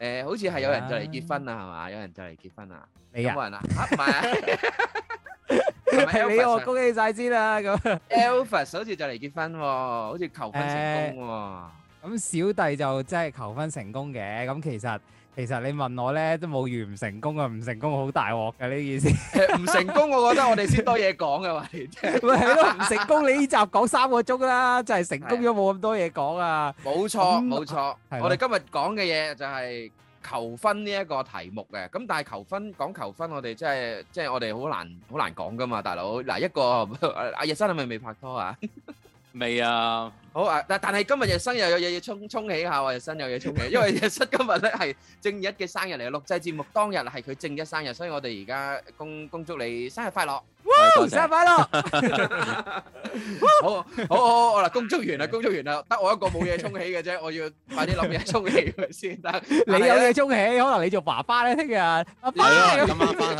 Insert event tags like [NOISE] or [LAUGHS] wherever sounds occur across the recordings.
誒、呃，好似係有人就嚟結婚啦，係嘛 Yeah.？有人就嚟結婚你啊？有冇人啊？吓唔係啊？係你我恭喜晒先啦！咁 Alvis 好似就嚟結婚，好似求婚成功。咁、呃、小弟就真係求婚成功嘅。咁其實。其實你問我咧都冇遇唔成功啊，唔成功好大鑊嘅呢件事。唔成功我覺得我哋先多嘢講嘅嘛，你唔成功你呢集講三個鐘啦，真係成功咗冇咁多嘢講啊。冇錯冇錯，我哋今日講嘅嘢就係求婚呢一個題目嘅。咁但係求婚講求婚我哋真係即係我哋好難好難講噶嘛，大佬嗱一個阿 [LAUGHS] 日新係咪未拍拖啊？ [LAUGHS] 未啊！好啊，但但係今日日新又有嘢要沖沖起下喎，日新有嘢沖起，因為日新今日咧係正日嘅生日嚟，錄製節目當日係佢正日生日，所以我哋而家恭恭祝你生日快樂，哇！生日快樂，好好好好啦，恭祝完啦，恭祝完啦，得我一個冇嘢沖起嘅啫，我要快啲諗嘢沖起佢先得。你有嘢沖起，可能你做爸爸咧，聽日阿爸咁啱翻。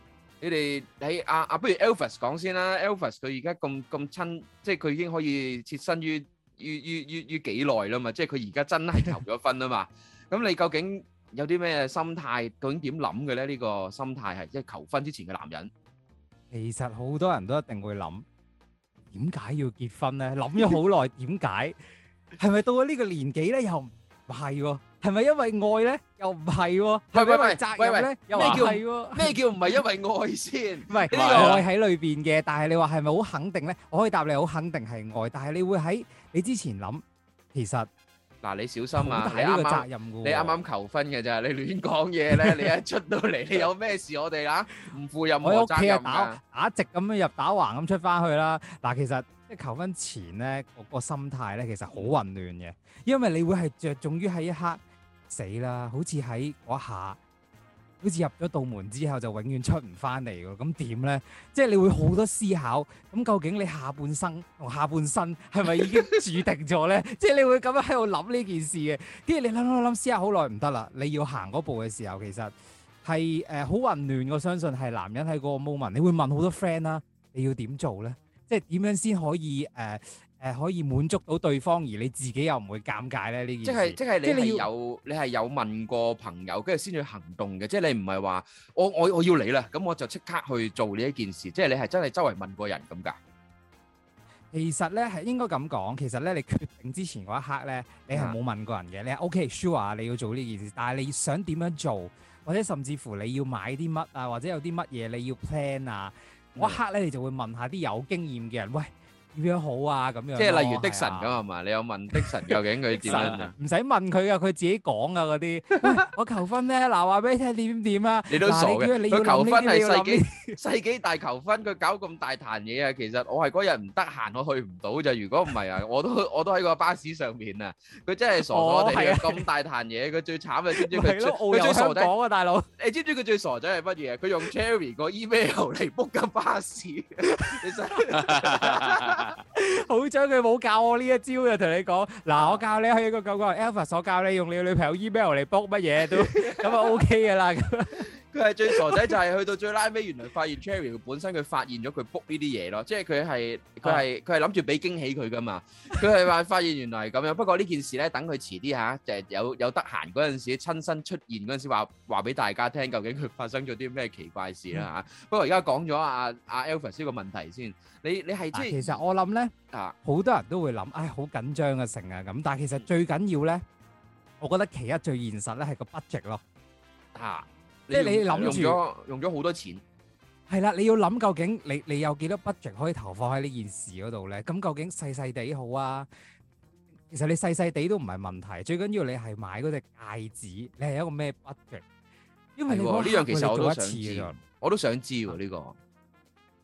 你哋，你阿阿不如 Alvis 講先啦。Alvis 佢而家咁咁親，即係佢已經可以切身於於於於幾耐啦嘛。即係佢而家真係求咗婚啊嘛。咁你究竟有啲咩心態，究竟點諗嘅咧？呢個心態係即係求婚之前嘅男人，其實好多人都一定會諗，點解要結婚咧？諗咗好耐，點解，係咪到咗呢個年紀咧？又唔係喎。係咪因為愛咧？又唔係？係咪因為責任咧？咩叫咩叫唔係因為愛先？唔係呢個愛喺裏邊嘅，但係你話係咪好肯定咧？我可以答你好肯定係愛，但係你會喺你之前諗，其實嗱你小心啊，好大呢個責任噶。你啱啱求婚嘅咋？你亂講嘢咧，你一出到嚟，你有咩事我哋啊？唔負任何責任。喺屋企啊打，一直咁樣入打橫咁出翻去啦。嗱，其實即係求婚前咧，我個心態咧其實好混亂嘅，因為你會係着重於喺一刻。死啦！好似喺嗰下，好似入咗道門之後就永遠出唔翻嚟噶。咁點咧？即係你會好多思考。咁究竟你下半生，同下半身係咪已經注定咗咧？ [LAUGHS] 即係你會咁樣喺度諗呢件事嘅。跟住你諗諗諗，思考好耐唔得啦。你要行嗰步嘅時候，其實，係誒好混亂。我相信係男人喺嗰個 moment，你會問好多 friend 啦。你要點做咧？即係點樣先可以誒？呃誒、呃、可以滿足到對方，而你自己又唔會尷尬咧呢件事。即係即係你係有你係有問過朋友，跟住先去行動嘅。即係你唔係話我我我要你啦，咁我就即刻去做呢一件事。即係你係真係周圍問過人咁㗎。其實咧係應該咁講，其實咧你決定之前嗰一刻咧，你係冇問過人嘅。你 OK sure 你要做呢件事，但係你想點樣做，或者甚至乎你要買啲乜啊，或者有啲乜嘢你要 plan 啊、嗯，嗰一刻咧你就會問下啲有經驗嘅人，喂，點樣好啊？咁樣即係例如迪神咁係嘛？你有問迪神究竟佢點樣啊？唔使問佢啊，佢自己講啊！嗰啲我求婚咧，嗱話俾你聽點點啊？你都傻嘅，佢求婚係世紀世紀大求婚，佢搞咁大壇嘢啊！其實我係嗰日唔得閒，我去唔到就。如果唔係啊，我都我都喺個巴士上面啊！佢真係傻咗地，咁大壇嘢，佢最慘係知唔知佢最佢最傻仔啊！大佬，你知唔知佢最傻仔係乜嘢？佢用 Cherry 個 email 嚟 book 架巴士，其實。 [LAUGHS] 好彩佢冇教我呢一招就同你講，嗱、啊，我教你應該咁講，Alpha 所教你用你女朋友 email 嚟 book 乜嘢都咁啊 [LAUGHS] OK 嘅啦。佢係最傻仔， [LAUGHS] 就係去到最拉尾，原來發現 Cherry 本身佢發現咗佢 book 呢啲嘢咯，即係佢係佢係佢係諗住俾驚喜佢噶嘛，佢係發發現原來係咁樣。不過呢件事咧，等佢遲啲吓，就係、是、有有得閒嗰陣時，親身出現嗰陣時，話話俾大家聽究竟佢發生咗啲咩奇怪事啦吓、嗯啊。不過而家講咗阿阿 Alvis 個問題先，你你係即係，其實我諗咧啊，好多人都會諗，唉、哎，好緊張啊，成啊咁。但係其實最緊要咧，我覺得其一最現實咧係個 budget 咯，啊。啊即係你諗住用咗好多錢，係啦，你要諗究竟你你有幾多 budget 可以投放喺呢件事嗰度咧？咁究竟細細地好啊？其實你細細地都唔係問題，最緊要你係買嗰隻戒指，你係一個咩 budget？因為呢的樣其實我，想做一次我都想，我都想知呢的、這個。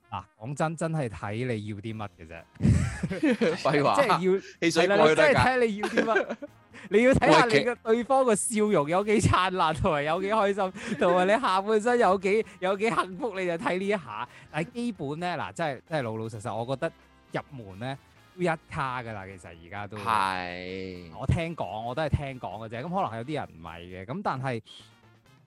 嗱，講、啊、真，真係睇你要啲乜嘅啫，廢 [LAUGHS] 話。 [LAUGHS] 即係要，係啦水了，即係睇你要啲乜。 [LAUGHS] 你要睇下怕你嘅對方個笑容有幾燦爛，同埋有幾開心，同埋你下半身有幾有幾幸福，你就睇呢一下。但係基本咧，嗱、啊，真係真係老老實實，我覺得入門咧一卡㗎喇。其實而家都係是，我聽講我都係聽講嘅啫。咁可能有啲人唔係嘅，咁但係。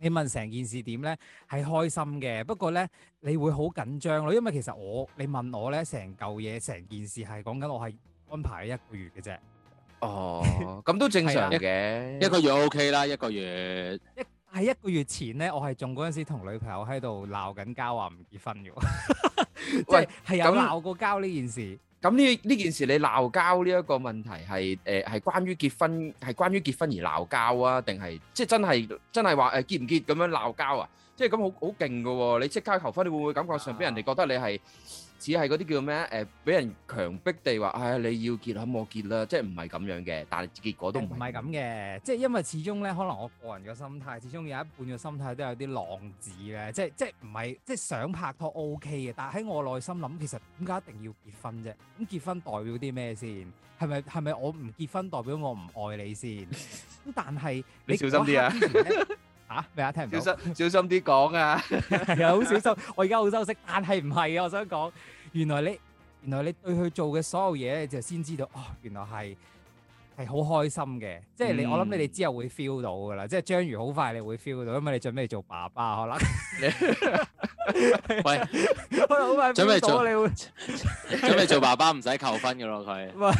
你問成件事點咧？係開心嘅，不過咧你會好緊張咯，因為其實我你問我咧，成嚿嘢成件事係講緊我係安排一個月嘅啫。哦，咁都正常嘅， [LAUGHS] 啊、一,一個月 O、OK、K 啦，一個月一，喺一個月前咧，我係仲嗰陣時同女朋友喺度鬧緊交，話唔結婚嘅喎，即 [LAUGHS] 係說喂有鬧過交呢件事。咁呢件事你鬧交呢一個問題，係誒係關於結婚，係關於結婚而鬧交啊？定係即係真係真係話誒結唔結咁樣鬧交啊？即係咁好好勁嘅喎！你即刻求婚，你會唔會感覺上俾人哋覺得你係？只係嗰啲叫咩？誒、呃，俾人強迫地話，係、哎、你要結啦，我結啦，即係唔係咁樣嘅。但係結果都唔係咁嘅，即係因為始終咧，可能我個人嘅心態，始終有一半嘅心態都有啲浪子咧，即係即係唔係即係想拍拖 O K 嘅，但係喺我內心諗，其實點解一定要結婚啫？咁結婚代表啲咩先？係咪係咪我唔結婚代表我唔愛你先？咁但係你，你小心啲啊！ [LAUGHS] 嚇咩啊？聽唔到，小心啲講啊！又好小心，我而家好收息，但係唔係啊？我想講，原來你原來你對佢做嘅所有嘢就先知道，哦，原來係係好開心嘅，即係你我諗你哋之後會 feel 到噶啦，即係章魚好快你會 feel 到，因為你準備做爸爸可能，喂，準備做，準備做爸爸唔使求婚嘅咯佢。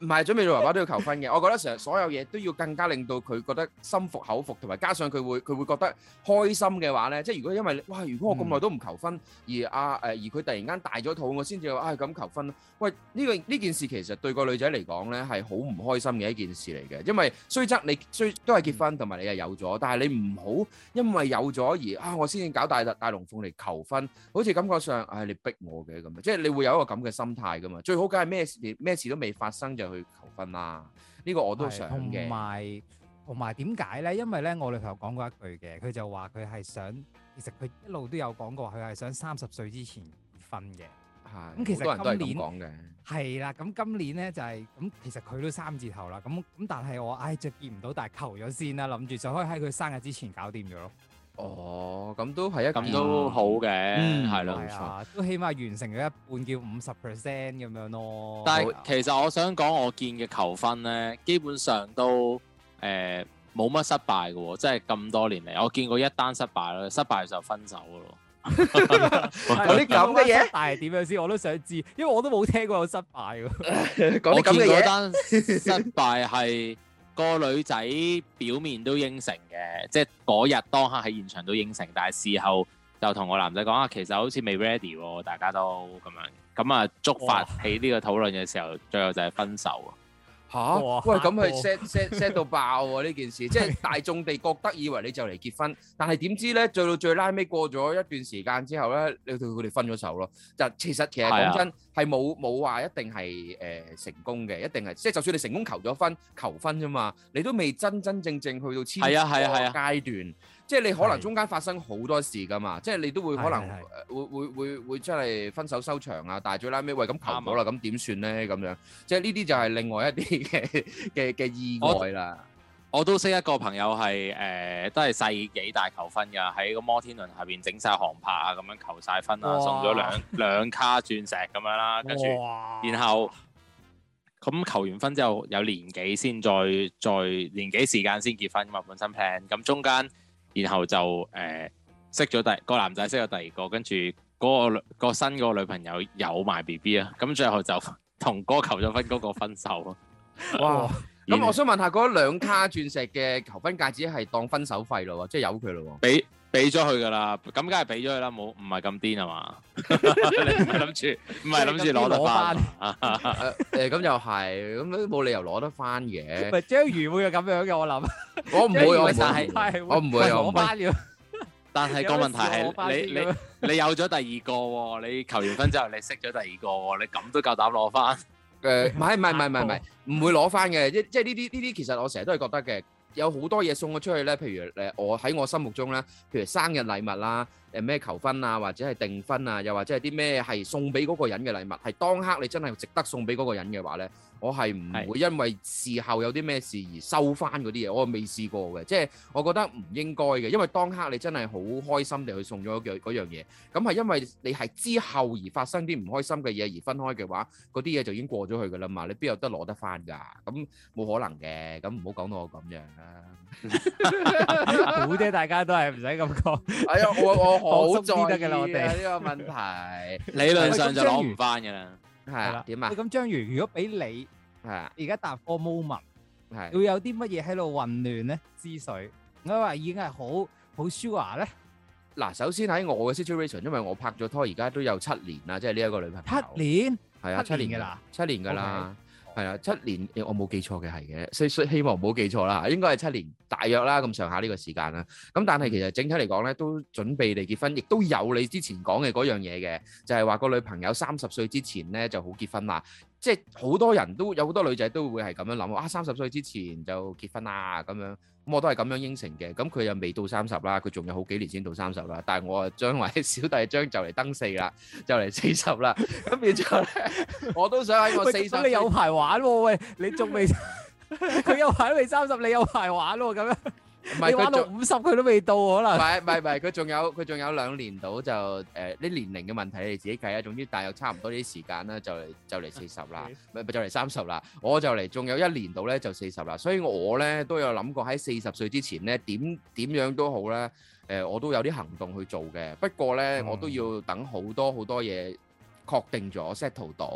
唔係準備做爸爸都要求婚嘅， [LAUGHS] 我覺得成日所有嘢都要更加令到佢覺得心服口服，同埋加上佢會佢會覺得開心嘅話呢。即如果因為哇，如果我咁耐都唔求婚，嗯、而阿、啊、而佢突然間大咗肚，我先至話啊咁求婚，喂呢、這個這件事其實對個女仔嚟講咧係好唔開心嘅一件事嚟嘅，因為雖則你雖然都係結婚同埋你係有咗，但係你唔好因為有咗而啊我先至搞大大龍鳳嚟求婚，好似感覺上唉、哎、你逼我嘅咁，即係你會有一個咁嘅心態㗎嘛，最好梗係咩事咩事都未發生。生就去求婚啦，呢個我都想同埋同埋點解咧？因為咧，我哋同學講過一句嘅，佢就話佢係想，其實佢一路都有講過，佢係想三十歲之前結婚嘅。係的，咁其實今年係啦。咁今年咧就係、是、咁，其實佢都三字頭啦。咁咁、哎，但係我唉，就見唔到，但係求咗先啦，諗住就可以喺佢生日之前搞掂咗咯。哦，咁都係，咁都好嘅，係啦，冇錯，都起碼完成咗一半，叫五十 percent 咁樣咯。但係的其實我想講，我見嘅求婚咧，基本上都誒冇乜失敗嘅、哦，即係咁多年嚟，我見過一單失敗啦，失敗就分手咯。有啲咁嘅嘢，但係點樣先？我都想知，因為我都冇聽過有失敗嘅。講咁嘅嘢，單失敗係。個女仔表面都應承嘅，即係日當刻喺現場都應承，但係事後就同個男仔講啊，其實好似未 ready，大家都咁樣，咁啊觸發起呢個討論嘅時候，oh. 最後就係分手。吓？喂、啊，咁去 set set set 到爆喎，啊、呢件事， [LAUGHS] 即係大眾地覺得以為你就嚟結婚，但係點知咧，最到最拉尾過咗一段時間之後咧，你對佢哋分咗手咯。就其實其實講真係冇冇話一定係誒、呃、成功嘅，一定係即係就算你成功求咗婚，求婚啫嘛，你都未真真正正，正去到啊，啊，千啊，階段。即係你可能中間發生好多事㗎嘛，的即係你都會可能會的會會會即係分手收場啊！但係最拉尾喂，咁求唔到啦，咁點算咧？咁樣即係呢啲就係另外一啲嘅嘅嘅意外啦。我都識一個朋友係誒、呃，都係世紀大求婚㗎，喺個摩天輪下邊整晒航拍啊，咁樣求晒婚啊，送咗兩哇兩卡鑽石咁樣啦，跟住哇然後咁求完婚之後有年幾先再再年幾時間先結婚嘛，本身 plan 咁中間。然後就誒，呃、識咗第個男仔，識咗第二個，跟住嗰個個新嗰個女朋友有埋 B B 啊，咁、嗯、最後就同嗰個求咗婚嗰個分手咯。哇！咁 [LAUGHS] 後我想問下，嗰、那個、兩卡鑽石嘅求婚戒指係當分手費咯？即係由佢咯？俾。俾咗佢噶啦，咁梗係俾咗佢啦，冇唔係咁癲啊嘛？你唔係諗住，唔係諗住攞得翻？誒，咁又係，咁都冇理由攞得翻嘅。唔係章魚會有咁樣嘅，我諗。我唔會，我唔會，我唔會，我唔會。但係個問題係，你你你有咗第二個喎，你求完婚之後你識咗第二個喎，你咁都夠膽攞翻？誒，唔係唔係唔係唔係唔會攞翻嘅，即即係呢啲呢啲，其實我成日都係覺得嘅。有好多嘢送我出去咧，譬如誒，我喺我心目中咧，譬如生日禮物啦。誒咩求婚啊，或者係訂婚啊，又或者係啲咩係送俾嗰個人嘅禮物，係當刻你真係值得送俾嗰個人嘅話咧，我係唔會因為事後有啲咩事而收翻嗰啲嘢，我未試過嘅，即係我覺得唔應該嘅，因為當刻你真係好開心地去送咗嗰嗰樣嘢，咁係因為你係之後而發生啲唔開心嘅嘢而分開嘅話，嗰啲嘢就已經過咗去㗎啦嘛，你邊有得攞得翻㗎？咁冇可能嘅，咁唔好講到我咁樣啦。好啫，大家都係唔使咁講。哎呀，我我好在意得嘅啦，我哋呢個問題，理論上就攞唔翻嘅啦。係啦，點啊？咁章魚如果俾你係啊，而家答個 moment 係會有啲乜嘢喺度混亂咧？之水，我話已經係好好 sure 咧。嗱，首先喺我嘅 situation，因為我拍咗拖而家都有七年啦，即係呢一個女朋友七年係啊，七年噶啦，七年噶啦。係啊，七年，我冇記錯嘅係嘅，所以希望冇記錯啦，應該係七年，大約啦，咁上下呢個時間啦。咁但係其實整體嚟講呢，都準備嚟結婚，亦都有你之前講嘅嗰樣嘢嘅，就係話個女朋友三十歲之前呢就好結婚啦。即係好多人都有，好多女仔都會係咁樣諗，啊，三十歲之前就結婚啦咁樣。咁我都係咁樣應承嘅，咁佢又未到三十啦，佢仲有好幾年先到三十啦，但係我啊將來小弟將就嚟登四啦， [LAUGHS] 就嚟四十啦，咁然之後咧，我都想喺個四十，你有排玩喎，哦，喂，你仲未，佢 [LAUGHS] 有排未三十，你有排玩喎，哦，咁樣。唔係佢到五十佢都未到可能 [LAUGHS] 不，唔係唔係，佢仲有佢仲有兩年到就誒、呃、年齡嘅問題你自己計啊，總之大約差唔多啲時間啦，就嚟就嚟四十啦，唔係就嚟三十啦，我就嚟仲有一年到咧就四十啦，所以我咧都有諗過喺四十歲之前呢點點樣，樣都好呢，呃、我都有啲行動去做嘅，不過呢，嗯、我都要等好多好多嘢。確定咗 settle 到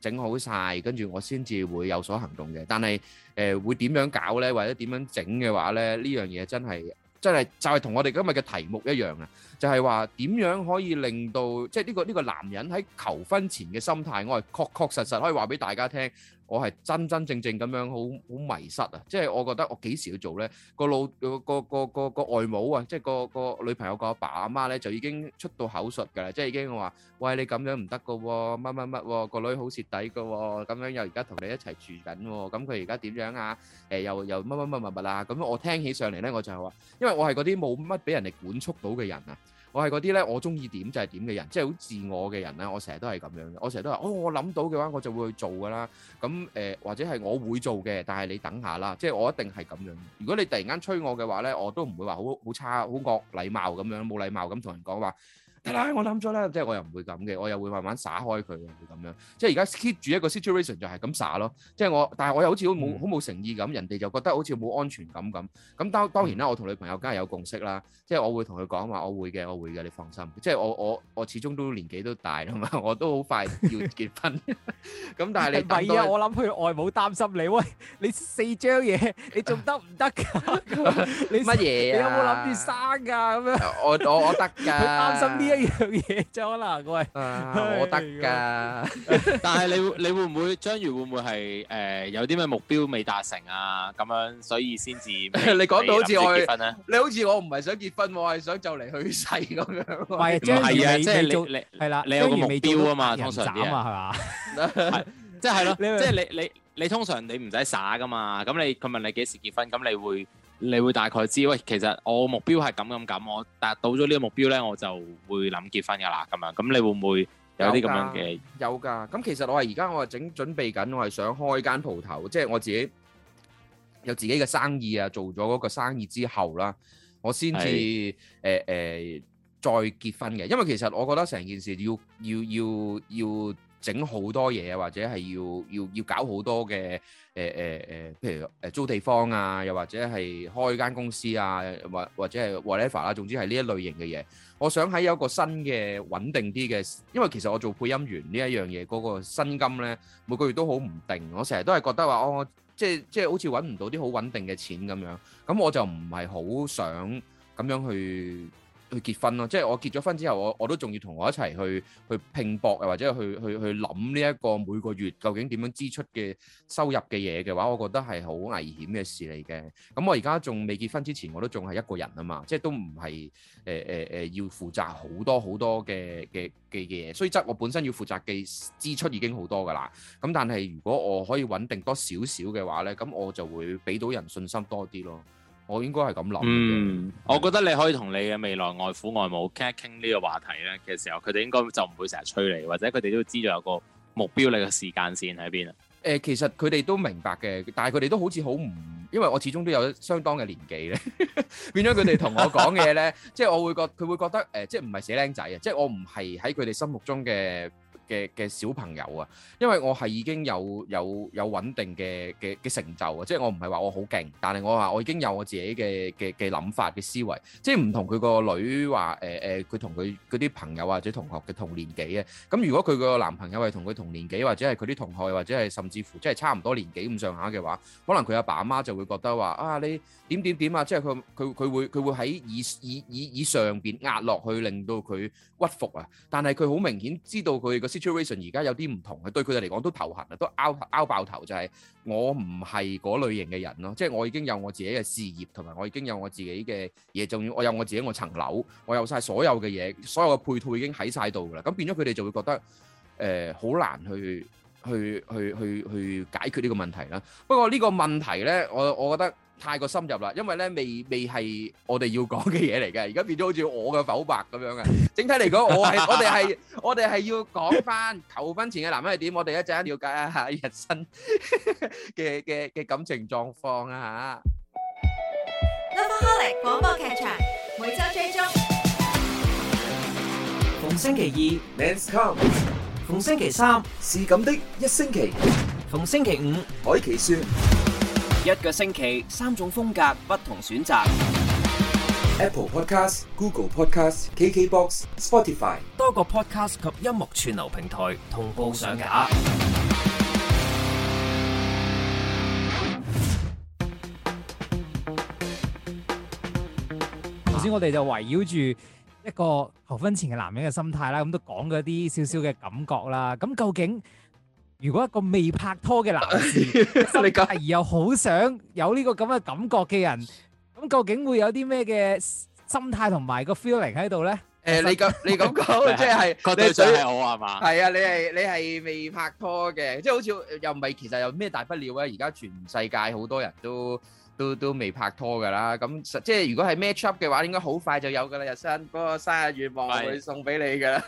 整好晒，跟住我先至會有所行動嘅。但係誒、會點樣搞咧，或者點樣整嘅話咧，呢樣嘢真係真係就係同我哋今日嘅題目一樣啊！就係話點樣可以令到即係呢個呢個男人喺求婚前嘅心態，我係確確實實可以話俾大家聽。我係真真正正咁樣好迷失啊！即係我覺得我幾時要做呢個老個個個個外母啊，即係個個女朋友個阿爸阿媽呢，就已經出到口述㗎啦！即係已經話喂你咁樣唔得㗎喎，乜乜乜喎，個女好蝕底㗎喎，咁樣又而家同你一齊住緊喎，咁佢而家點樣啊？誒、呃、又又乜乜乜乜乜啊？咁我聽起上嚟呢，我就話，因為我係嗰啲冇乜俾人哋管束到嘅人啊！我係嗰啲呢，我鍾意點就係點嘅人，即係好自我嘅人啦。我成日都係咁樣嘅，我成日都話，哦，我諗到嘅話，我就會去做㗎啦。咁、呃、或者係我會做嘅，但係你等下啦，即係我一定係咁樣。如果你突然間催我嘅話呢，我都唔會話好好差好惡禮貌咁樣，冇禮貌咁同人講話。啦，我諗咗啦，即係我又唔會咁嘅，我又會慢慢撒開佢嘅，會咁樣。即係而家 keep 住一個 situation 就係咁撒咯。即係我，但係我又好似好冇好冇誠意咁，人哋就覺得好似冇安全感咁。咁當當然啦，我同女朋友梗係有共識啦。即係我會同佢講話，我會嘅，我會嘅，你放心。即係我我我始終都年紀都大啦嘛，我都好快要結婚。咁但係你唔係啊？我諗佢外母擔心你喂，你四張嘢你仲得唔得㗎？你乜嘢啊？你有冇諗住生㗎咁樣？我我我得㗎。擔心呢一？呢樣嘢就可能，各位，我得噶。但係你你會唔會，章魚會唔會係誒有啲咩目標未達成啊？咁樣所以先至你講到好似我你好似我唔係想結婚喎，我係想就嚟去世咁樣。唔係啊，即係你係啦，你有個目標啊嘛，通常啲人耍啊嘛，係嘛？係即係咯，即係你你你通常你唔使耍噶嘛？咁你佢問你幾時結婚，咁你會？你會大概知喂，其實我目標係咁咁咁，我達到咗呢個目標咧，我就會諗結婚噶啦咁樣。咁你會唔會有啲咁樣嘅？有㗎。咁其實我係而家我係整準備緊，我係想開間鋪頭，即係我自己有自己嘅生意啊，做咗嗰個生意之後啦，我先至誒誒再結婚嘅。因為其實我覺得成件事要要要要，要要要整好多嘢，或者係要要要搞好多嘅誒誒誒，譬如誒租地方啊，又或者係開間公司啊，或或者係 whatever 啦，總之係呢一類型嘅嘢。我想喺有一個新嘅穩定啲嘅，因為其實我做配音員一、那個、呢一樣嘢，嗰個薪金咧每個月都好唔定，我成日都係覺得話，我、哦、即係即係好似揾唔到啲好穩定嘅錢咁樣。咁我就唔係好想咁樣去，去結婚咯，即係我結咗婚之後，我我都仲要同我一齊去去拼搏，又或者去去去諗呢一個每個月究竟點樣支出嘅收入嘅嘢嘅話，我覺得係好危險嘅事嚟嘅。咁我而家仲未結婚之前，我都仲係一個人啊嘛，即係都唔係誒誒誒要負責好多好多嘅嘅嘅嘢，所以即係我本身要負責嘅支出已經好多㗎喇。咁但係如果我可以穩定多少少嘅話咧，咁我就會俾到人信心多啲咯。我應該係咁諗。嗯，嗯我覺得你可以同你嘅未來外父外母傾一傾呢個話題咧嘅時候，佢哋應該就唔會成日催你，或者佢哋都知道有個目標，你嘅時間線喺邊啊？誒、呃，其實佢哋都明白嘅，但係佢哋都好似好唔，因為我始終都有相當嘅年紀咧， [LAUGHS] 變咗佢哋同我講嘅嘢咧， [LAUGHS] 即係我會覺佢會覺得誒、呃，即係唔係死僆仔啊？即係我唔係喺佢哋心目中嘅。嘅嘅小朋友啊，因為我係已經有有有穩定嘅嘅嘅成就啊，即係我唔係話我好勁，但係我話我已經有我自己嘅嘅嘅諗法嘅思維，即係唔同佢個女話誒誒佢同佢嗰啲朋友或者同學嘅同年紀啊，咁如果佢個男朋友係同佢同年紀或者係佢啲同學或者係甚至乎即係差唔多年紀咁上下嘅話，可能佢阿爸阿媽就會覺得話啊，你點點點啊，即係佢佢佢會佢會喺以以以以上邊壓落去令到佢屈服啊，但係佢好明顯知道佢個。situation 而家有啲唔同嘅，對佢哋嚟講都頭痕啊，都拗拗爆頭就係、是、我唔係嗰類型嘅人咯，即係我已經有我自己嘅事業，同埋我已經有我自己嘅嘢，仲要，我有我自己我層樓，我有晒所有嘅嘢，所有嘅配套已經喺晒度啦，咁變咗佢哋就會覺得，誒好、呃、難去去去去去解決呢個問題啦。不過呢個問題咧，我我覺得。太過深入啦，因為咧未未係我哋要講嘅嘢嚟嘅，而家變咗好似我嘅剖白咁樣嘅。整體嚟講，我係我哋係我哋係要講翻求婚前嘅男人係點，我哋一陣了解一下日新嘅嘅嘅感情狀況啊嚇。Lovaholic 廣播劇場每週追蹤，逢星期二 Men's Come，逢星期三是咁的一星期，逢星期五海奇説。一個星期，三種風格，不同選擇。Apple Podcast、Google Podcast、KKBox、Spotify 多個 podcast 及音樂串流平台同步上架。頭先我哋就圍繞住一個求婚前嘅男人嘅心態啦，咁都講嗰啲少少嘅感覺啦。咁究竟？如果一個未拍拖嘅男士，而又好想有呢個咁嘅感覺嘅人，咁究竟會有啲咩嘅心態同埋個 feeling 喺度咧？誒，你咁你咁講，即係覺得，想係我係嘛？係啊，你係你係未拍拖嘅，即係好似又唔係，其實有咩大不了啊？而家，全世界好多人都都都未拍拖噶啦，咁實即係如果係 match up 嘅話，應該好快就有噶啦。日新嗰個生日願望會送俾你噶啦。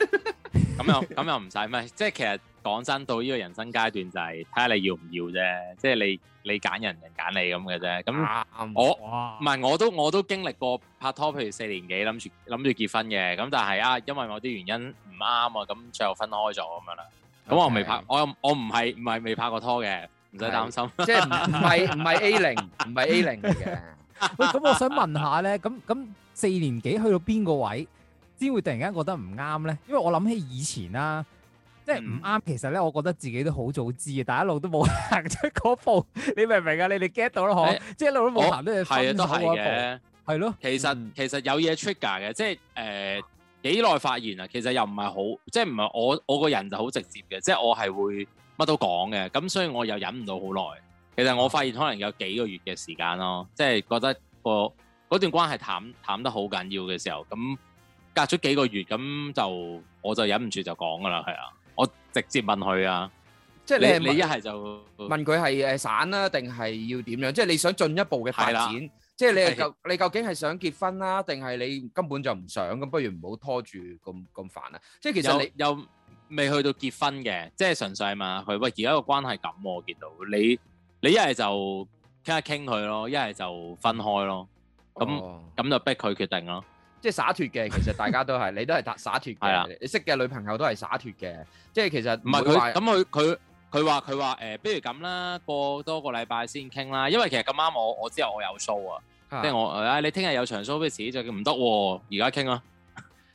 咁又咁又唔使咩？即係其實。講真，到呢個人生階段就係睇下你要唔要啫，即係你你揀人，人揀你咁嘅啫。咁我唔係我都我都經歷過拍拖，譬如四年幾諗住諗住結婚嘅，咁但係啊，因為某啲原因唔啱啊，咁最後分開咗咁樣啦。咁我未拍，我我唔係唔係未拍過拖嘅，唔使擔心，即係唔係唔係 A 零唔係 A 零嚟嘅。喂，咁我想問下咧，咁咁四年幾去到邊個位先會突然間覺得唔啱咧？因為我諗起以前啦。即係唔啱，嗯、其實咧，我覺得自己都好早知嘅，但一路都冇行出嗰步，你明唔明啊？你哋 get 到啦，嗬、欸？即係一路都冇行到分手嗰步，係咯。其實其實有嘢 trigger 嘅，即係誒幾耐發現啊？其實又唔係好，即係唔係我我個人就好直接嘅，即係我係會乜都講嘅。咁所以我又忍唔到好耐。其實我發現可能有幾個月嘅時間咯，即係覺得個嗰段關係淡淡得好緊要嘅時候，咁隔咗幾個月，咁就我就忍唔住就講㗎喇，係啊。我直接問佢啊，即係你係你一係就問佢係誒散啦，定係要點樣？即係你想進一步嘅發展，即係你係就你究竟係想結婚啦，定係你根本就唔想咁，不如唔好拖住咁咁煩啊！即係其實你又未去到結婚嘅，即係純粹係嘛。佢喂而家個關係咁，我見到你你一係就傾下傾佢咯，一係就分開咯。咁咁就逼佢決定咯。即係灑脱嘅，其實大家都係，你都係灑灑脱嘅。你識嘅女朋友都係灑脱嘅。即係其實唔係佢咁，佢佢佢話佢話誒，不如咁啦，過多個禮拜先傾啦。因為其實咁啱，我我知道我有數啊。即係我誒，你聽日有場 show face 就唔得，而家傾啊，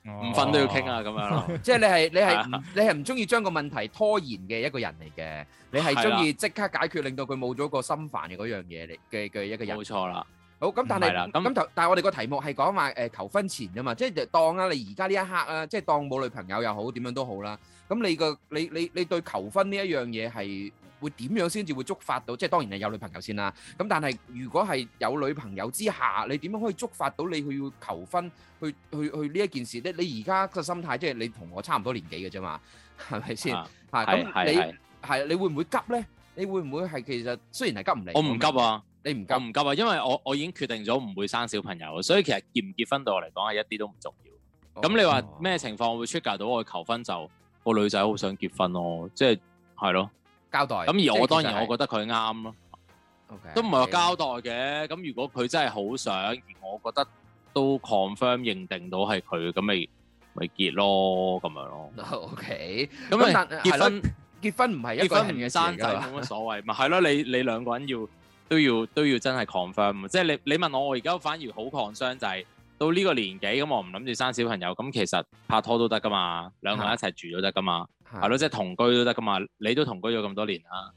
唔瞓都要傾啊。咁樣即係你係你係你係唔中意將個問題拖延嘅一個人嚟嘅。你係中意即刻解決，令到佢冇咗個心煩嘅嗰樣嘢嚟嘅嘅一個人。冇錯啦。好咁、嗯，但係咁咁，但係我哋個題目係講話誒，求婚前啊嘛，即係當啊你而家呢一刻啊，即係當冇女朋友又好，點樣都好啦。咁你個你你你對求婚呢一樣嘢係會點樣先至會觸發到？即係當然係有女朋友先啦。咁但係如果係有女朋友之下，你點樣可以觸發到你去要求婚？去去去呢一件事咧？你而家個心態即係你同我差唔多年紀嘅啫嘛，係咪先？吓，咁你係你會唔會急咧？你會唔會係其實雖然係急唔嚟？我唔急啊。你唔急唔急啊！因為我我已經決定咗唔會生小朋友，所以其實結唔結婚對我嚟講係一啲都唔重要。咁你話咩情況會 trigger 到我求婚？就個女仔好想結婚咯，即係係咯。交代。咁而我當然我覺得佢啱咯。都唔係話交代嘅。咁如果佢真係好想，而我覺得都 confirm 認定到係佢，咁咪咪結咯，咁樣咯。OK。咁結婚結婚唔係一個人嘅生仔，冇乜所謂。咪係咯，你你兩個人要。都要都要真係 confirm，即係你你問我，我而家反而好 confirm 就係到呢個年紀，咁我唔諗住生小朋友，咁其實拍拖都得㗎嘛，兩個人一齊住都得㗎嘛，係囉的，即係的同居都得㗎嘛，你都同居咗咁多年啦。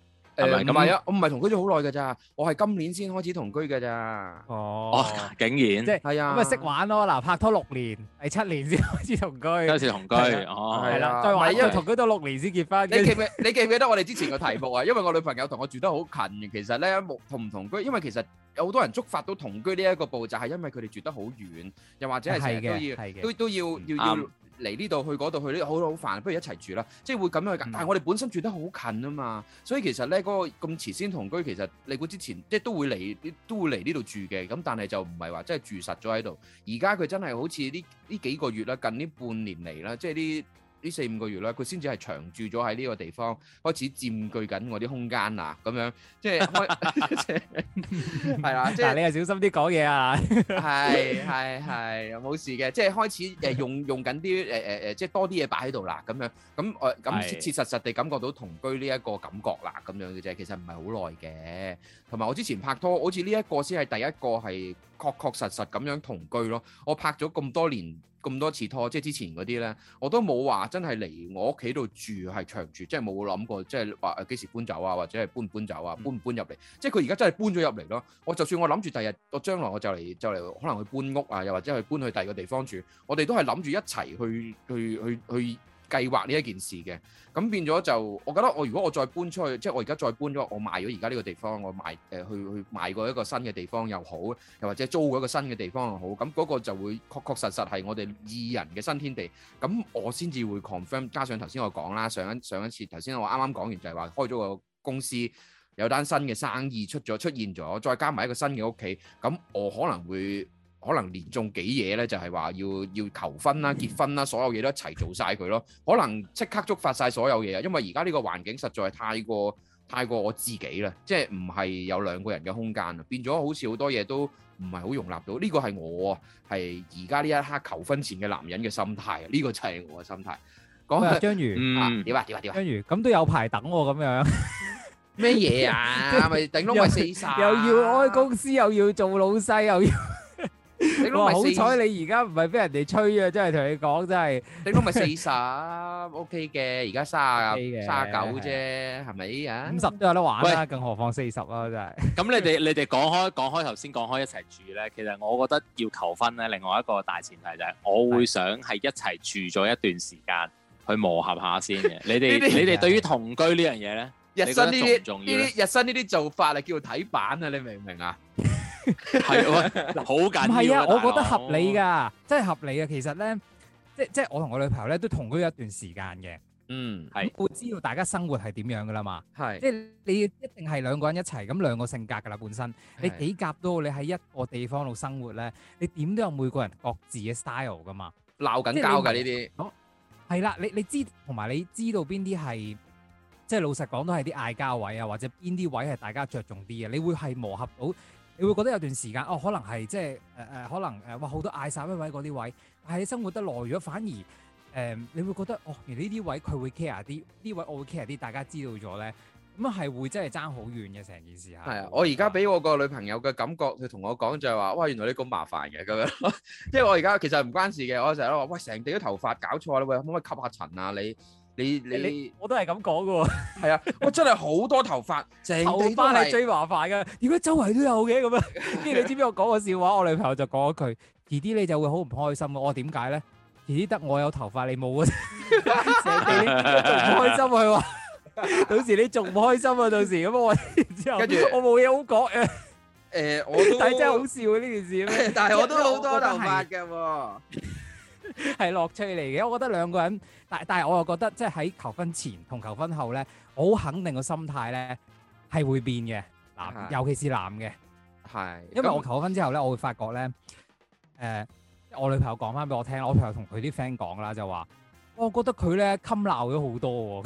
係咪？啊！我唔係同居咗好耐㗎咋，我係今年先開始同居㗎咋。哦，竟然即係係啊，咁咪識玩咯。嗱，拍拖六年，係七年先開始同居。開始同居，哦，係啦。再話要同居到六年先結婚。你記唔你記唔記得我哋之前個題目啊？因為我女朋友同我住得好近，其實咧木同唔同居，因為其實有好多人觸發到同居呢一個步驟，係因為佢哋住得好遠，又或者係成日都要，都都要要要。嚟呢度去嗰度去呢，好好煩，不如一齊住啦，即係會咁樣去。但係我哋本身住得好近啊嘛，所以其實咧嗰個咁遲先同居，其實你估之前即係都會嚟，都會嚟呢度住嘅。咁但係就唔係話即係住實咗喺度。而家佢真係好似呢呢幾個月啦，近呢半年嚟啦，即係啲。呢四五個月咧，佢先至係長住咗喺呢個地方，開始佔據緊我啲空間啦，咁樣即係開，係啦，即係你係小心啲講嘢啊，係係係冇事嘅，即係 [LAUGHS] 開始誒用用緊啲誒誒誒，即係多啲嘢擺喺度啦，咁樣咁誒咁切切實實地感覺到同居呢一個感覺啦，咁樣嘅啫，其實唔係好耐嘅，同埋我之前拍拖，好似呢一個先係第一個係。確確實實咁樣同居咯，我拍咗咁多年咁多次拖，即係之前嗰啲咧，我都冇話真係嚟我屋企度住係長住，即係冇諗過，即係話誒幾時搬走啊，或者係搬唔搬走啊，搬唔搬入嚟？嗯、即係佢而家真係搬咗入嚟咯。我就算我諗住第日，我將來我就嚟就嚟，可能去搬屋啊，又或者去搬去第二個地方住，我哋都係諗住一齊去去去去。去去去去計劃呢一件事嘅，咁變咗就我覺得，我如果我再搬出去，即係我而家再搬咗，我賣咗而家呢個地方，我賣、呃、去去買過一個新嘅地方又好，又或者租過一個新嘅地方又好，咁嗰個就會確確實實係我哋二人嘅新天地，咁我先至會 confirm。加上頭先我講啦，上一上一次頭先我啱啱講完就係、是、話開咗個公司，有單新嘅生意出咗出現咗，再加埋一個新嘅屋企，咁我可能會。可能連中幾嘢咧，就係話要要求婚啦、結婚啦，所有嘢都一齊做曬佢咯。可能即刻觸發曬所有嘢啊！因為而家呢個環境實在太過太過我自己啦，即係唔係有兩個人嘅空間啊，變咗好似好多嘢都唔係好容納到。呢個係我係而家呢一刻求婚前嘅男人嘅心態啊！呢個就係我嘅心態。講下章魚啊？點啊？點啊？點啊？章魚咁都有排等我，咁樣咩嘢啊？係咪頂多咪死曬，又要開公司，又要做老細，又要～你攞咪好彩，你而家唔係俾人哋吹啊！真係同你講，真係你攞咪四十，OK 嘅，而家卅，卅九啫，係咪啊？五十都有得玩啦，更何況四十啦，真係。咁你哋，你哋講開，講開頭先，講開一齊住咧。其實我覺得要求婚咧，另外一個大前提就係，我會想係一齊住咗一段時間，去磨合下先嘅。你哋，你哋對於同居呢樣嘢咧，日新呢啲呢啲日新呢啲做法係叫做睇板啊，你明唔明啊？係咯，好緊要啊！人我覺得合理噶，真係合理啊！其實咧，即係即係我同我女朋友咧都同居一段時間嘅，嗯，係。我知道大家生活係點樣噶啦嘛，係是。即係你一定係兩個人一齊咁兩個性格噶啦，本身是你幾夾都，你喺一個地方度生活咧，你點都有每個人各自嘅 style 噶嘛。鬧緊交噶呢啲，係些、啊、啦，你你知同埋你知道邊啲係，即老實講都係啲嗌交位啊，或者邊啲位係大家着重啲啊，你會係磨合到。你會覺得有段時間哦，可能係即係誒誒，可能誒哇好多嗌曬位位嗰啲位，但係你生活得耐，咗，反而誒、呃，你會覺得哦，原來呢啲位佢會 care 啲，呢位我會 care 啲，大家知道咗咧，咁啊係會真係爭好遠嘅成件事嚇。係啊對，我而家俾我，我個女朋友嘅感覺，佢同我講就係話，哇原來你咁麻煩嘅咁樣，即係我而家其實唔關事嘅，我成日都話，喂，成地都頭髮搞錯啦，喂可唔可以吸下塵啊你？你你我都係咁講嘅喎，係啊，我真係好多頭髮，整地翻係最麻煩嘅，如果周圍都有嘅咁樣，跟住你知唔知我講個笑話？我女朋友就講一句：，遲啲你就會好唔開心我點解咧？呢遲啲得我有頭髮，你冇啊？唔 [LAUGHS] [LAUGHS] 心佢 [LAUGHS] 到時你仲唔開心啊？到時咁著啊？我之後跟住我冇嘢好講嘅。誒，我 [LAUGHS] 但真係好笑呢件事但係我都好因為 我多頭髮嘅，係樂 [LAUGHS] 趣嚟嘅。我覺得兩個人。但但係我又覺得即喺求婚前同求婚後咧，我好肯定個心態咧係會變嘅。嗱，尤其是男嘅，係的因為我求婚之後咧，我會發覺咧，誒、呃，我女朋友講翻俾我聽，我女朋友同佢啲 friend 講啦，就話我覺得佢咧冚鬧咗好多、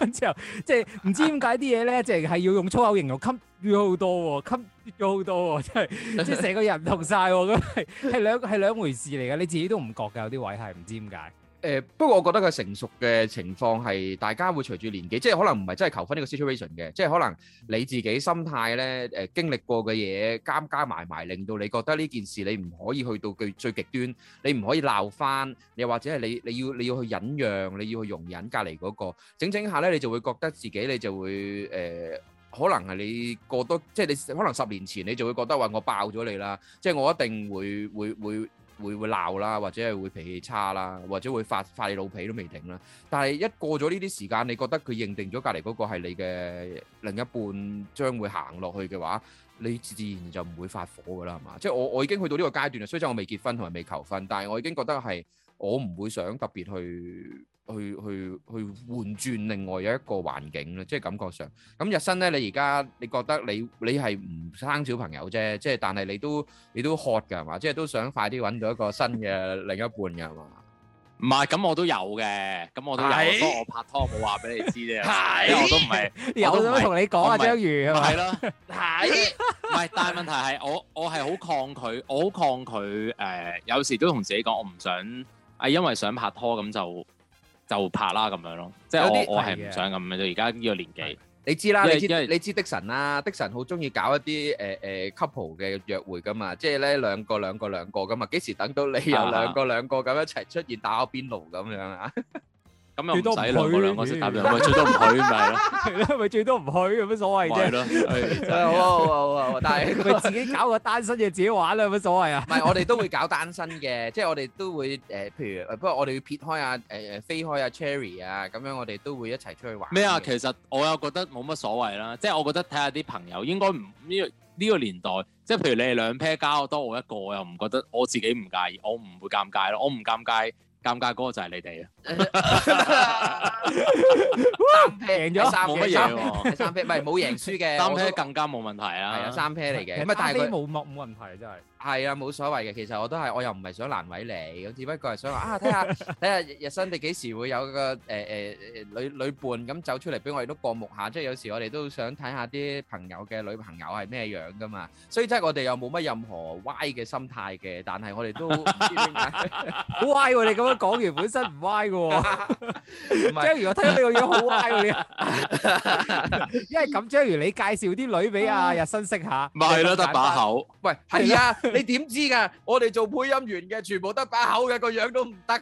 哦，之後即係唔知點解啲嘢咧，即係係要用粗口形容，冚咗好多、哦，冚咗好多、哦，真係即係成個人唔同晒咁係係兩個係兩回事嚟嘅，你自己都唔覺嘅。有啲位係唔知點解。誒，不過我覺得佢成熟嘅情況係大家會隨住年紀，即係可能唔係真係求婚呢個 situation 嘅，即係可能你自己心態咧誒，經歷過嘅嘢加加埋埋，令到你覺得呢件事你唔可以去到最最極端，你唔可以鬧翻，又或者係你你要你要去忍讓，你要去容忍隔離嗰個整整下咧，你就會覺得自己你就會誒，可能係你過多，即係你可能十年前你就會覺得話我爆咗你啦，即係我一定會會會。會會鬧啦，或者係會脾氣差啦，或者會發發你老脾都未定啦。但係一過咗呢啲時間，你覺得佢認定咗隔離嗰個係你嘅另一半，將會行落去嘅話，你自然就唔會發火噶啦，係嘛？即係我我已經去到呢個階段啦，雖則我未結婚同埋未求婚，但係我已經覺得係我唔會想特別去。去去去換轉另外有一個環境咧，即係感覺上。咁日新咧，你而家你覺得你你係唔生小朋友啫？即係但係你都你都 hot 㗎，係嘛？即係都想快啲搵到一個新嘅另一半㗎，係嘛？唔係，咁我都有嘅，咁我都有。我拍拖冇話俾你知啫。係，我都唔係有都同你講啊，章魚係咪？係。係，但係問題係我我係好抗拒，我好抗拒。誒，有時都同自己講，我唔想係因為想拍拖咁就。就拍啦咁樣咯，即係啲，有點我係唔想咁樣。而家呢個年紀，你知啦，你因為你知迪神啦，迪神好鍾意搞一啲誒誒 couple 嘅約會噶嘛，即係咧兩個兩個兩個噶嘛，幾時等到你的又兩個兩個咁一齊出現打邊爐咁樣啊？ [LAUGHS] 咁又唔使兩個兩個識搭，咪最多唔去咪咯？咪最多唔去，有乜所謂啫？係咯，真係好啊！但係佢自己搞個單身嘅自己玩啦，有乜所謂啊？唔係，我哋都會搞單身嘅，即係我哋都會誒，譬如不過我哋要撇開啊誒誒飛開啊 Cherry 啊，咁樣我哋都會一齊出去玩。咩啊？其實我又覺得冇乜所謂啦，即係我覺得睇下啲朋友應該唔呢個呢個年代，即係譬如你哋兩 pair 交多我一個，我又唔覺得我自己唔介意，我唔會尷尬咯，我唔尷尬。尷尬歌就係你哋啊！平咗三啤冇乜嘢喎，三啤唔係冇贏輸嘅，三啤更加冇問題啊，三啤嚟嘅，但係冇冇問題真係。係啊，冇所謂嘅。其實我都係，我又唔係想難為你，咁只不過係想話啊，睇下睇下日新你幾時會有個誒誒誒女女伴咁走出嚟俾我哋都過目下。即係有時我哋都想睇下啲朋友嘅女朋友係咩樣噶嘛。所以即係我哋又冇乜任何歪嘅心態嘅，但係我哋都唔知點解好歪喎。你咁樣講完本身唔歪嘅，唔係如我睇到你個樣好歪喎。你因為咁，張如你介紹啲女俾阿日新識下，咪咯得把口。喂，係啊。你點知噶？我哋做配音員嘅，全部得把口嘅，個樣都唔得。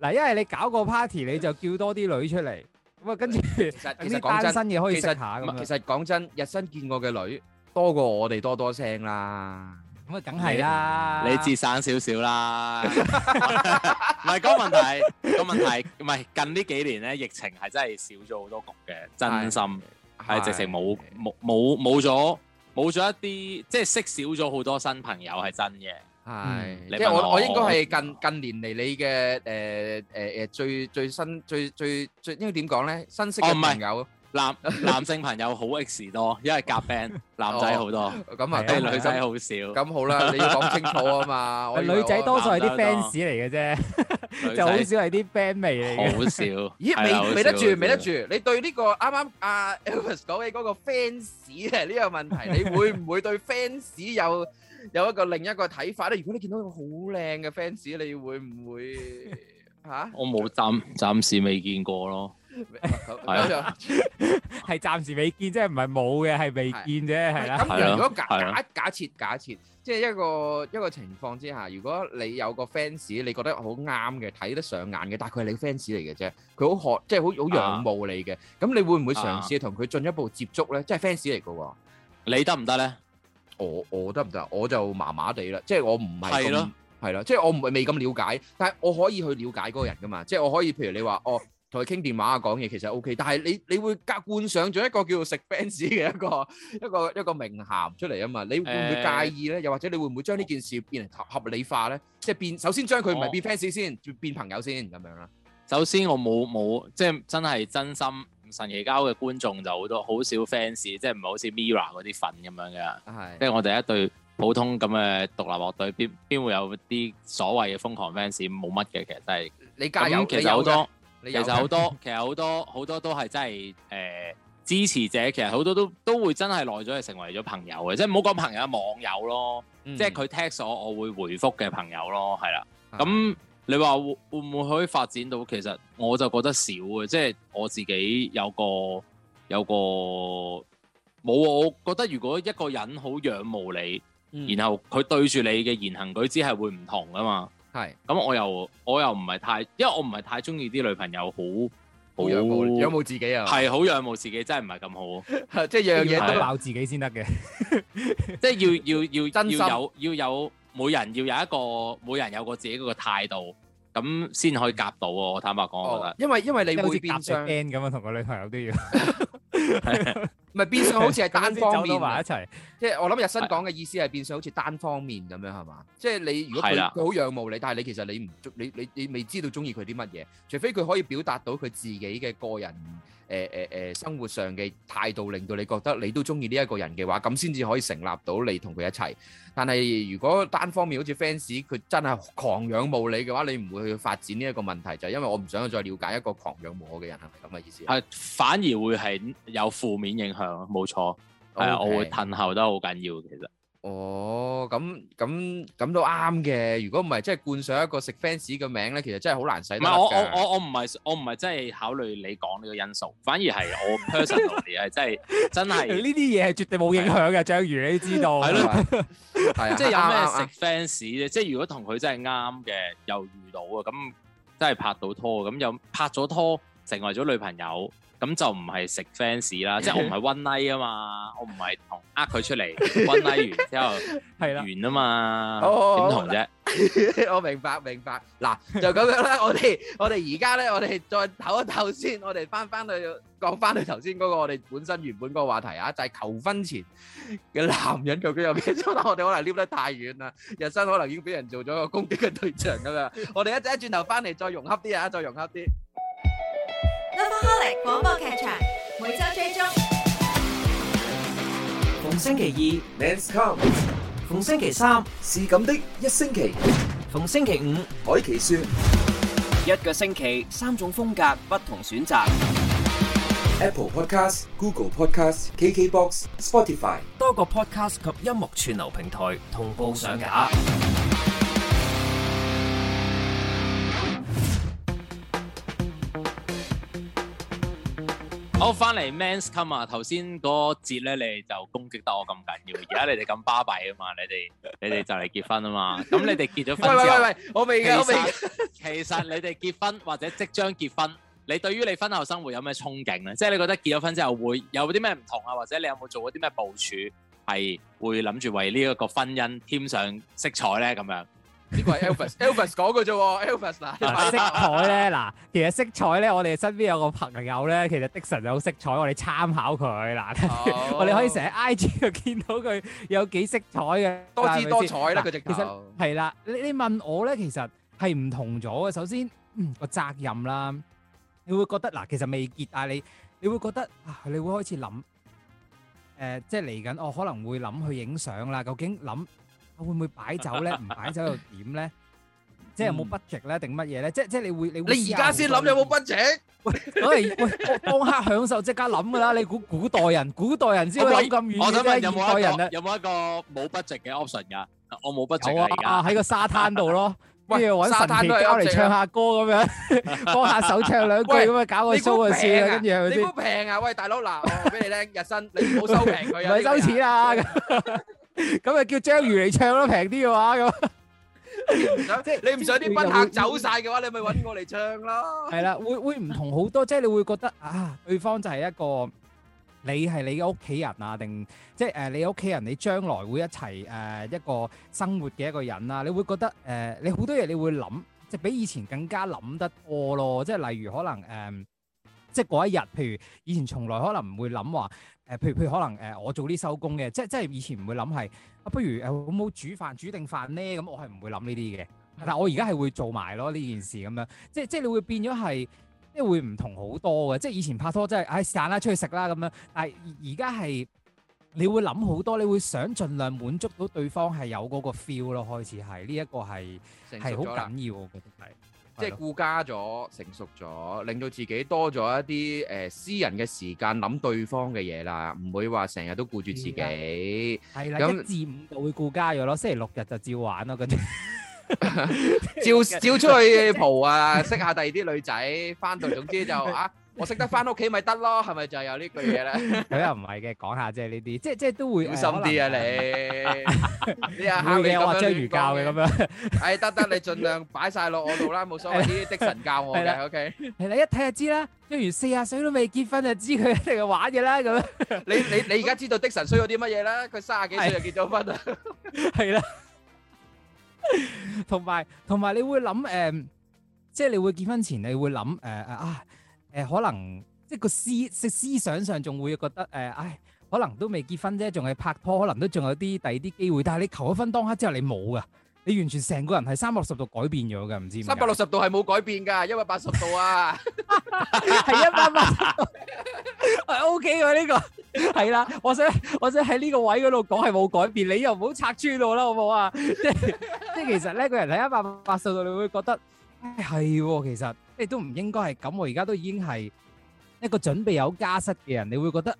嗱，因為你搞個 party，你就叫多啲女出嚟，咁啊，跟住啲單身嘅可以識下。咁啊，其實講真，日新見過嘅女多過我哋多多聲啦。咁啊，梗係啦。你節省少少啦。唔係嗰個問題，個問題唔係近呢幾年咧，疫情係真係少咗好多局嘅，真心係直情冇冇冇冇咗。冇咗一啲，即係識少咗好多新朋友係真嘅。係，因為我我應該係近近年嚟你嘅誒誒誒最最新最最最應該點講呢？新識嘅朋友。哦男男性朋友好 X 多，因為夾 band 男仔好多，咁啊，都女仔好少。咁好啦，你要講清楚啊嘛。女仔多數係啲 fans 嚟嘅啫，就好少係啲 band 味嚟嘅。好少。咦？未未得住，未得住。你對呢個啱啱阿 Alvis 講起嗰個 fans 嘅呢個問題，你會唔會對 fans 有有一個另一個睇法咧？如果你見到一個好靚嘅 fans，你會唔會吓？我冇暫暫時未見過咯。咁又係暫時未見，即係唔係冇嘅，係未見啫，係啦。咁如果假假假設假設，即係一個一個情況之下，如果你有個 fans，你覺得好啱嘅，睇得上眼嘅，但係佢係你 fans 嚟嘅啫，佢好學，即係好好仰慕你嘅。咁你會唔會嘗試同佢進一步接觸咧？即係 fans 嚟噶喎，你得唔得咧？我我得唔得？我就麻麻地啦，即係我唔係係咯，係咯，即係我唔係未咁了解，但係我可以去了解嗰個人噶嘛，即係我可以，譬如你話哦。同佢傾電話啊，講嘢其實 O K，但係你你會隔冠上咗一個叫做食 fans 嘅一個一個一個名銜出嚟啊嘛，你會唔會介意咧？欸、又或者你會唔會將呢件事變成合理化咧？即係變首先將佢唔係變 fans 先，哦、變朋友先咁樣啦。首先我冇冇即係真係真心神奇交嘅觀眾就好多，少 ans，好少 fans，的即係唔係好似 Mirror 嗰啲粉咁樣嘅。係，即係我哋一隊普通咁嘅獨立樂隊，邊邊會有啲所謂嘅瘋狂 fans？冇乜嘅，其實都、就、係、是、你加油，其實好多。其實好多， [LAUGHS] 其實好多，好多都係真係誒、呃、支持者。其實好多都都會真係耐咗，係成為咗朋友嘅，即係唔好講朋友，網友咯，嗯、即係佢 text 我，我會回復嘅朋友咯，係啦。咁你話會會唔會可以發展到？其實我就覺得少嘅，即係我自己有個有個冇。我覺得如果一個人好仰慕你，嗯、然後佢對住你嘅言行舉止係會唔同噶嘛？係，咁我又我又唔係太，因為我唔係太中意啲女朋友好好仰慕，仰慕自己啊，係好仰慕自己，真係唔係咁好，即係樣嘢都鬧自己先得嘅，即係要要要真要有要有每人要有一個，每人有個自己嗰個態度，咁先可以夾到。我坦白講，因為因為你會變相咁啊，同個女朋友都要，唔係變相好似係單方面埋一齊。即係我諗日新講嘅意思係變相好似單方面咁樣係嘛？即係你如果佢佢好仰慕你，但係你其實你唔你你你未知道中意佢啲乜嘢，除非佢可以表達到佢自己嘅個人誒誒誒生活上嘅態度，令到你覺得你都中意呢一個人嘅話，咁先至可以成立到你同佢一齊。但係如果單方面好似 fans 佢真係狂仰慕你嘅話，你唔會去發展呢一個問題，就係因為我唔想再了解一個狂仰慕我嘅人，係咪咁嘅意思？係反而會係有負面影響，冇錯。係啊，Okay. 我會褪後都好緊要，其實。哦、oh,，咁咁咁都啱嘅。如果唔係，即係灌上一個食 fans 嘅名咧，其實真係好難洗。唔係我我我我唔係我唔係真係考慮你講呢個因素，反而係我 personal 嘅，係 [LAUGHS] 真係真係。呢啲嘢係絕對冇影響嘅，Okay. 章魚，你知道。係咯 [LAUGHS] ，係對 [LAUGHS] 即係有咩食 fans 咧？ [LAUGHS] 即係如果同佢真係啱嘅，又遇到啊，咁真係拍到拖，咁又拍咗拖，成為咗女朋友。咁就唔係食 fans 啦，即係我唔係 one night 啊嘛，我唔係同呃佢出嚟 one night 完之後係啦完啊嘛，點同啫？我明白明白，嗱就咁樣啦。我哋我哋而家咧，我哋再唞一唞先，我哋翻翻去講翻去頭先嗰個我哋本身原本嗰個話題啊，就係求婚前嘅男人究竟有咩？我哋可能撩得太遠啦，日新可能已經俾人做咗個攻擊嘅對象噶啦。我哋一一轉頭翻嚟，再融合啲啊，再融合啲。Lovaholic，廣播劇場，每週追蹤逢星期二，Men's Come；逢星期三，是噉的一星期；逢星期五，海奇說。一個星期，三種風格不同選擇：Apple Podcast、Google Podcast、KKBox、Spotify。多個 Podcast 及音樂串流平台，同步上架。好，翻嚟，Men's Come 啊！頭先嗰節咧，你就攻擊得我咁緊要，而家你哋咁巴閉啊嘛！你哋你哋就嚟結婚啊嘛！咁你哋結咗婚之後，喂，喂，喂，我未嘅。其實，我其實你哋結婚或者即將結婚，你對於你婚後生活有咩憧憬咧？即係你覺得結咗婚之後會有啲咩唔同啊？或者你有冇做過啲咩部署，係會諗住為呢一個婚姻添上色彩咧？咁樣。呢個係 Elvis，Elvis 講過啫喎，Elvis 嗱。色彩咧，嗱，其實色彩咧，我哋身邊有個朋友咧，其實的神有色彩，我哋參考佢嗱。哦、 [LAUGHS] 我哋可以成日 I G 度見到佢有幾色彩嘅，多姿多彩啦，佢隻其實係啦，你你問我咧，其實係唔同咗嘅。首先，個、嗯、責任啦，你會覺得嗱，其實未結，但你你會覺得啊，你會開始諗，誒、呃，即係嚟緊，我、哦、可能會諗去影相啦，究竟諗？會唔會擺酒咧？唔擺酒又點咧？即係有冇 budget 咧？定乜嘢咧？即係即係你會你你而家先諗有冇 budget？喂，我當刻享受即刻諗噶啦！你估古代人？古代人先諗咁遠嘅，我想問現代人啊！有冇一個冇 budget 嘅 option 噶？我冇 budget 啊！喺個沙灘度咯，跟住揾神條膠嚟唱下歌咁樣，幫下手唱兩句咁樣，搞個 show 嘅事啊，跟住係咪先？你好平啊！喂，大佬嗱，我俾你聽，日新你唔好收平佢啊！唔係收錢啊！咁啊， [LAUGHS] 叫章魚嚟唱咯，平啲嘅話咁。即係你唔想啲賓客走晒嘅話，你咪揾 [LAUGHS] 我嚟唱咯。係啦，會會唔同好多，即係你會覺得啊，對方就係一個你係你嘅屋企人啊，定即係誒你屋企人，你將來會一齊誒、呃、一個生活嘅一個人啊。你會覺得誒、呃，你好多嘢你會諗，即係比以前更加諗得多咯。即係例如可能誒、呃，即係嗰一日，譬如以前從來可能唔會諗話。誒、呃，譬如譬如可能誒、呃，我做啲收工嘅，即係即係以前唔會諗係，啊，不如誒，有、啊、冇煮飯煮定飯咧？咁、嗯、我係唔會諗呢啲嘅。但我而家係會做埋咯呢件事咁樣，即係即係你會變咗係，即係會唔同好多嘅。即係以前拍拖即係，唉、哎，散啦，出去食啦咁樣。但係而家係，你會諗好多，你會想盡量滿足到對方係有嗰個 feel 咯。開始係呢一個係係好緊要，我覺得係。即係顧家咗、成熟咗，令到自己多咗一啲誒、呃、私人嘅時間，諗對方嘅嘢啦，唔會話成日都顧住自己。係啦，咁那一至五就會顧家咗咯，星期六日就照玩咯，嗰啲 [LAUGHS] [LAUGHS] 照照出去蒲啊， [LAUGHS] 識下第二啲女仔，返到總之就啊～ [LAUGHS] 我識得返屋企咪得咯，係咪就有呢句嘢咧？咁又唔係嘅，講下即係呢啲，即係即係都會好心啲啊！你你阿康你咁樣章魚教嘅咁樣，哎得得，你盡量擺晒落我度啦，冇所謂。啲日新教我嘅，OK。你一睇就知啦，章魚四啊歲都未結婚就知佢一定係玩嘅啦，咁樣。你你你而家知道日新需要啲乜嘢啦？佢三十幾歲就結咗婚啦，係啦。同埋同埋你會諗誒，即係你會結婚前你會諗誒誒啊。誒、呃，可能即係個思，思思想上仲會覺得誒、呃，唉，可能都未結婚啫，仲係拍拖，可能都仲有啲第啲機會。但係你求咗婚當刻之後，你冇噶，你完全成個人係三百六十度改變咗噶，唔知三百六十度係冇改變噶，一百八十度啊，係一百八十度，係 O K 嘅呢個係啦，我想我想喺呢個位嗰度講係冇改變，你又唔好拆穿我啦，好唔好啊？即係即係其實呢個人喺一百八十度你會覺得係其實。你都唔應該係咁，我而家都已經係一個準備有家室嘅人，你會覺得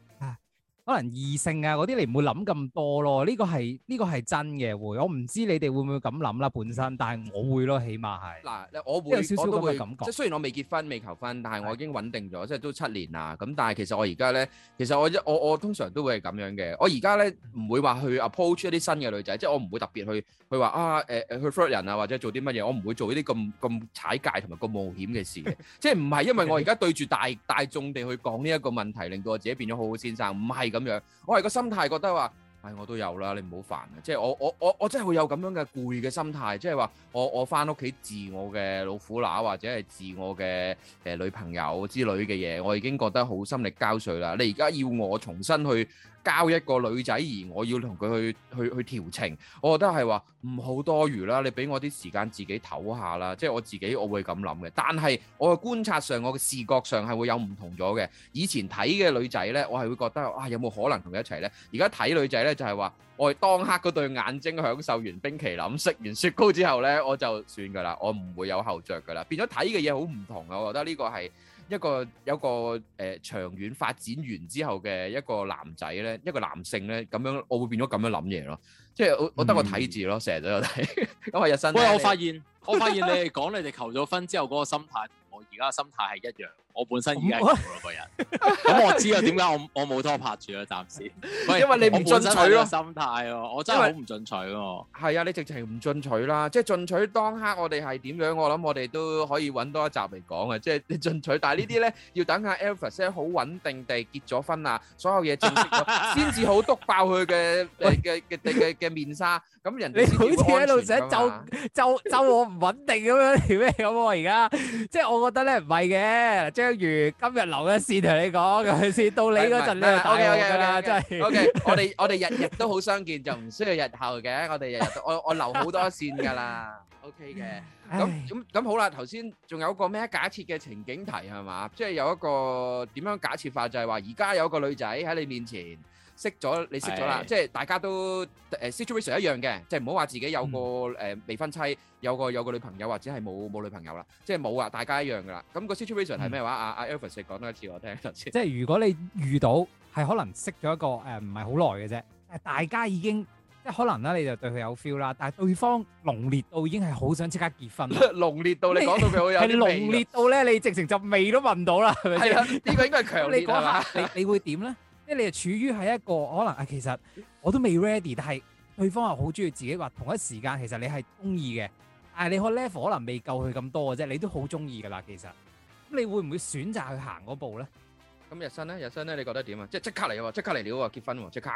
可能異性啊嗰啲你唔會諗咁多咯，呢、這個係呢、這個係真嘅喎。我唔知你哋會唔會咁諗啦，本身，但係我會咯，起碼係嗱，我會，有少少我都會，即係雖然我未結婚、未求婚，但係我已經穩定咗，即係都七年啦。咁但係其實我而家咧，其實我我我，我通常都會係咁樣嘅。我而家咧唔會話去 approach 一啲新嘅女仔，即係我唔會特別去去話啊誒、呃、去 friend 人啊，或者做啲乜嘢，我唔會做呢啲咁咁踩界同埋個冒險嘅事 [LAUGHS] 即係唔係因為我而家對住大大眾地去講呢一個問題，令到我自己變咗好好先生？唔係。咁樣，我係個心態覺得話，唉、哎，我都有啦，你唔好煩啊！即係我我我我真係會有咁樣嘅攰嘅心態，即係話我我返屋企自我嘅老虎乸，或者係自我嘅誒女朋友之類嘅嘢，我已經覺得好心力交瘁啦！你而家要我重新去交一個女仔而我要同佢去去去調情，我覺得係話唔好多餘啦。你畀我啲時間自己唞下啦，即係我自己我會咁諗嘅。但係我嘅觀察上，我嘅視覺上係會有唔同咗嘅。以前睇嘅女仔咧，我係會覺得哇、啊、有冇可能同佢一齊咧？而家睇女仔咧就係、是、話，我係當刻嗰對眼睛享受完冰淇淋、食完雪糕之後咧，我就算噶啦，我唔會有後着噶啦。變咗睇嘅嘢好唔同呀。我覺得呢個係。一個有個誒、呃、長遠發展完之後嘅一個男仔咧，一個男性咧，咁樣我會變咗咁樣諗嘢咯，即係我、嗯、我得個睇字咯，成 [LAUGHS] 日都有睇，咁我日新。喂，我發現 [LAUGHS] 我發現你哋講你哋求咗婚之後嗰個心態同我而家心態係一樣。我本身已經係咁嘅人，咁 [LAUGHS] 我知啊點解我我冇拖拍住啊？暫時， [LAUGHS] 因為你唔進取咯，心態喎、啊，我真係好唔進取咯。係啊，你直情唔進取啦，即係進取當刻，我哋係點樣？我諗我哋都可以揾多一集嚟講嘅。即係你進取，但係呢啲咧要等下 Alvis 好穩定地結咗婚啊，所有嘢正式咗，先至 [LAUGHS] 好篤爆佢嘅嘅嘅嘅面紗。咁人哋 [LAUGHS] 你好似喺度想就咒咒我唔穩定咁樣，係咩咁啊？而家即係我覺得咧唔係嘅，如今日留嘅線同你講，咁先到你嗰陣咧，但就 OK 啦，真係 OK。我哋我哋日日都好相見，就唔需要日後嘅。我哋日日都 [LAUGHS] 我我留好多線㗎啦，OK 嘅。咁咁咁好啦，頭先仲有個咩假設嘅情景題係嘛？即係、就是、有一個點樣假設法，就係話而家有個女仔喺你面前。識咗你識咗啦，即係大家都誒 situation 一樣嘅，即係唔好話自己有個誒未婚妻，有個有個女朋友或者係冇冇女朋友啦，即係冇啊！大家一樣噶啦，咁個 situation 係咩話啊？阿 Alvis 講多一次我聽先。即係如果你遇到係可能識咗一個誒唔係好耐嘅啫，但係大家已經即係可能咧，你就對佢有 feel 啦。但係對方濃烈到已經係好想即刻結婚，濃烈到你講到佢好有啲味，濃烈到咧你直情就味都聞到啦，係咪先？係啦，呢個應該係強烈嚇。你講下你你會點咧？即係你係處於喺一個可能啊，其實我都未 ready，但係對方又好中意自己話，同一時間，其實你係中意嘅，但係你個 level 可能未夠佢咁多嘅啫，你都好中意噶啦。其實咁你會唔會選擇去行嗰步咧？咁日新咧，日新咧，你覺得點啊？即係即刻嚟嘅喎，即刻嚟料嘅喎，結婚即刻。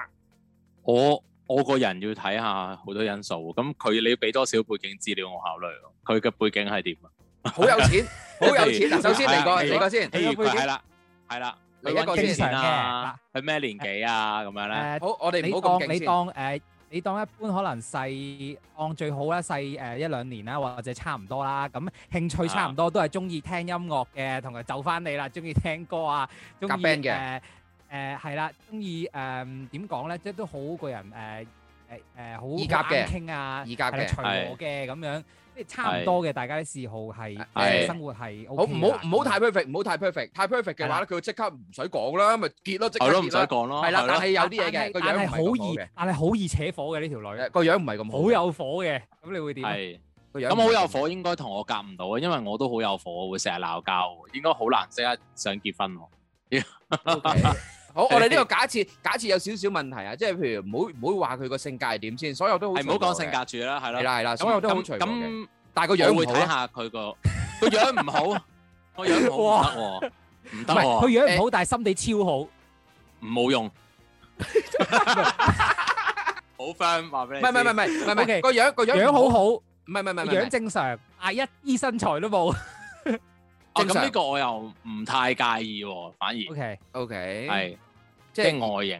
我我個人要睇下好多因素，咁佢你要俾多少背景資料我考慮？佢嘅背景係點啊？好有錢，好、 [LAUGHS] 嗯、有錢。首先嚟個嚟個先，係啦 hey,，係啦、hey,。你一個正常嘅，嗱，佢咩年紀啊？咁、啊啊、樣咧，啊、好，我哋唔好咁勁。你當，你當、呃、你當一般，可能細按最好啦，細、啊、誒一兩年啦，或者差唔多啦。咁興趣差唔多，都係中意聽音樂嘅，同埋就翻你啦，中意聽歌啊，中意誒誒係啦，中意誒點講咧，即係都好個人誒誒誒好夾嘅傾啊，依家嘅隨我嘅咁樣。即係差唔多嘅，大家啲嗜好係生活係好唔好唔好太 perfect，唔好太 perfect。太 perfect 嘅話咧，佢會即刻唔使講啦，咪結咯，即係咯，唔使講咯。係啦，但係有啲嘢嘅。個樣好易，但係好易扯火嘅呢條女。個樣唔係咁好，好有火嘅。咁你會點？係。咁好有火，應該同我夾唔到啊！因為我都好有火，會成日鬧交，應該好難即刻想結婚喎。我我哋呢個假設，假設有少少問題啊，即係譬如唔好唔好話佢個性格係點先，所有都好。係唔好講性格住啦，係啦係啦，咁都咁咁，但係個樣會睇下佢個個樣唔好，個樣唔得喎，唔得喎。佢樣唔好，但係心地超好，唔好用。好 friend 話俾你，唔係唔係唔係唔係，個樣個樣好好，唔係唔係唔係，樣正常，亞一醫身材都冇。哦，咁呢個我又唔太介意喎，反而。OK OK 係。即係外形，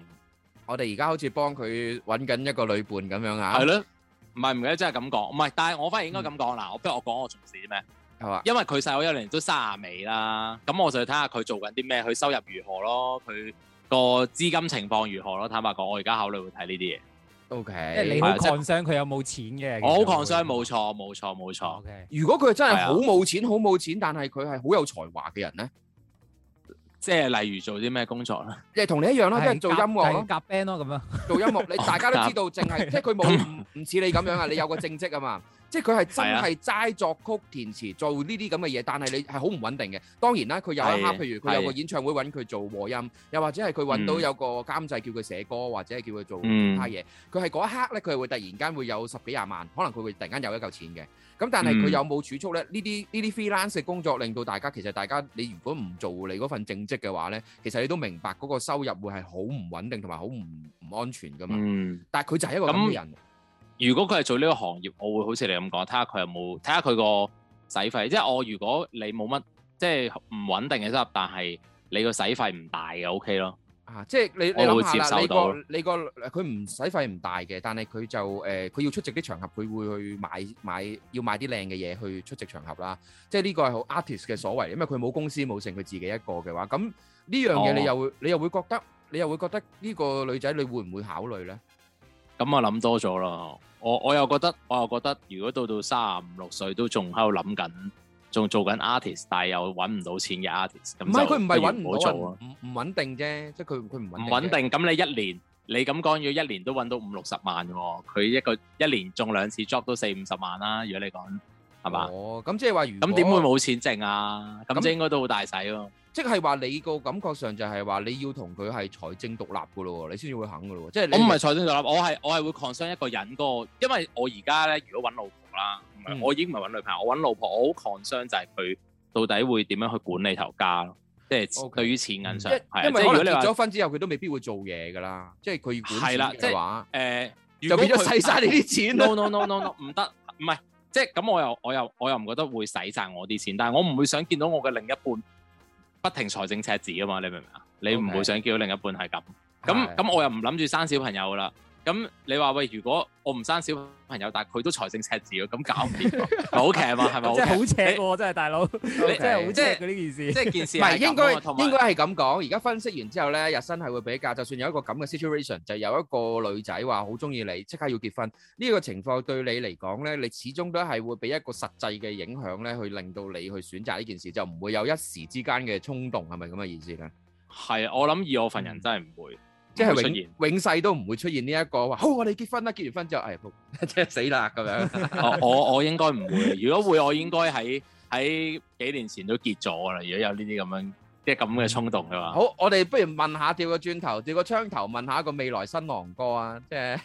我哋而家好似幫佢揾緊一個女伴咁樣啊！係咯，唔係唔記得真係咁講，唔係，但係我反而應該咁講嗱，我不如我講我從事啲咩？係啊，因為佢細我一年都卅尾啦，咁我就要睇下佢做緊啲咩，佢收入如何咯，佢個資金情況如何咯？坦白講，我而家考慮會睇呢啲嘢。O K，即係你好 concern 佢有冇錢嘅？我好 concern 冇錯，冇錯，冇錯。O K，如果佢真係好冇錢，好冇錢，但係佢係好有才華嘅人咧？即係例如做啲咩工作咧？即係同你一樣咯，啲人是做音樂咯，夾，夾 band 咯、啊、咁樣，做音樂 [LAUGHS] 你大家都知道，淨係即係佢冇唔似你咁樣啊！ [LAUGHS] 你有個正職啊嘛。即係佢係真係齋作曲填詞做呢啲咁嘅嘢，但係你係好唔穩定嘅。當然啦，佢有一刻，譬如佢有個演唱會揾佢做和音，又或者係佢揾到有個監製、嗯、叫佢寫歌，或者叫佢做其他嘢。佢係嗰一刻咧，佢係會突然間會有十幾廿萬，可能佢會突然間有一嚿錢嘅。咁但係佢有冇儲蓄咧？呢啲呢啲 freelance 工作令到大家其實大家你如果唔做你嗰份正職嘅話咧，其實你都明白嗰個收入會係好唔穩定同埋好唔唔安全㗎嘛。嗯、但係佢就係一個咁嘅人。如果佢係做呢個行業，我會好似你咁講，睇下佢有冇，睇下佢個使費，即係我如果你冇乜即係唔穩定嘅收入，但係你個使費唔大嘅，O K 咯。啊，即係你你諗下啦，你個你個佢唔使費唔大嘅，但係佢就誒佢要出席啲場合，佢會去買買要買啲靚嘅嘢去出席場合啦。即係呢個係好 artist 嘅所謂，因為佢冇公司冇剩，佢自己一個嘅話，咁呢樣嘢你又會你又會覺得你又會覺得呢個女仔你會唔會考慮咧？咁我諗多咗啦。我我又覺得我又覺得，如果到到三十五六歲都仲喺度諗緊，仲做緊 artist，但係又揾唔到錢嘅 artist，咁唔係佢唔係揾唔到做啊，唔唔穩定啫，即係佢佢唔穩定。唔穩定，咁你一年你咁講要一年都揾到五六十萬喎，佢一個一年中兩次 job 都四五十萬啦，啊，如果你講係嘛？哦，咁即係話，咁點會冇錢剩啊？咁即係應該都好大使咯，啊。即係話你個感覺上就係話你要同佢係財政獨立噶咯，你先至會肯噶咯。即係，我唔係財政獨立，我係我係會 concern 一個人個，因為我而家咧如果揾老婆啦，唔係、嗯、我已經唔係揾女朋友，我揾老婆，我好 concern 就係佢到底會點樣去管理頭家，即係，對於錢銀上，okay, 因為，對因為如果你結咗婚之後，佢都未必會做嘢噶啦，即係佢要係啦，即係話誒，就變咗使晒你啲錢，no no no no no，唔得， [LAUGHS] 唔係，即係咁我又我又我又唔覺得會使晒我啲錢，但係我唔會想見到我嘅另一半。不停財政赤字啊嘛，你明唔明啊？Okay. 你唔會想叫另一半係咁，咁咁 Yes. 我又唔諗住生小朋友噶啦。咁你話喂，如果我唔生小朋友，但係佢都財政赤字嘅，咁搞唔掂，好邪嘛，係咪？真係好邪喎！真係大佬，真係好即係呢件事，即係件事唔係應該應該係咁講。而家分析完之後咧，日新係會比較。就算有一個咁嘅 situation，就有一個女仔話好中意你，即刻要結婚呢個情況對你嚟講咧，你始終都係會俾一個實際嘅影響咧，去令到你去選擇呢件事，就唔會有一時之間嘅衝動，係咪咁嘅意思咧？係啊，我諗以我份人真係唔會。即係永，永世都唔會出現呢、這、一個話，好我哋結婚啦，結完婚之後，哎即真係死啦咁樣。 [LAUGHS] 哦、我我應該唔會，如果會我應該喺喺幾年前都結咗啦。如果有呢啲咁樣即係咁嘅衝動嘅話、嗯，好，我哋不如問下掉個轉頭，掉個槍頭問下一個未來新郎哥啊，即係。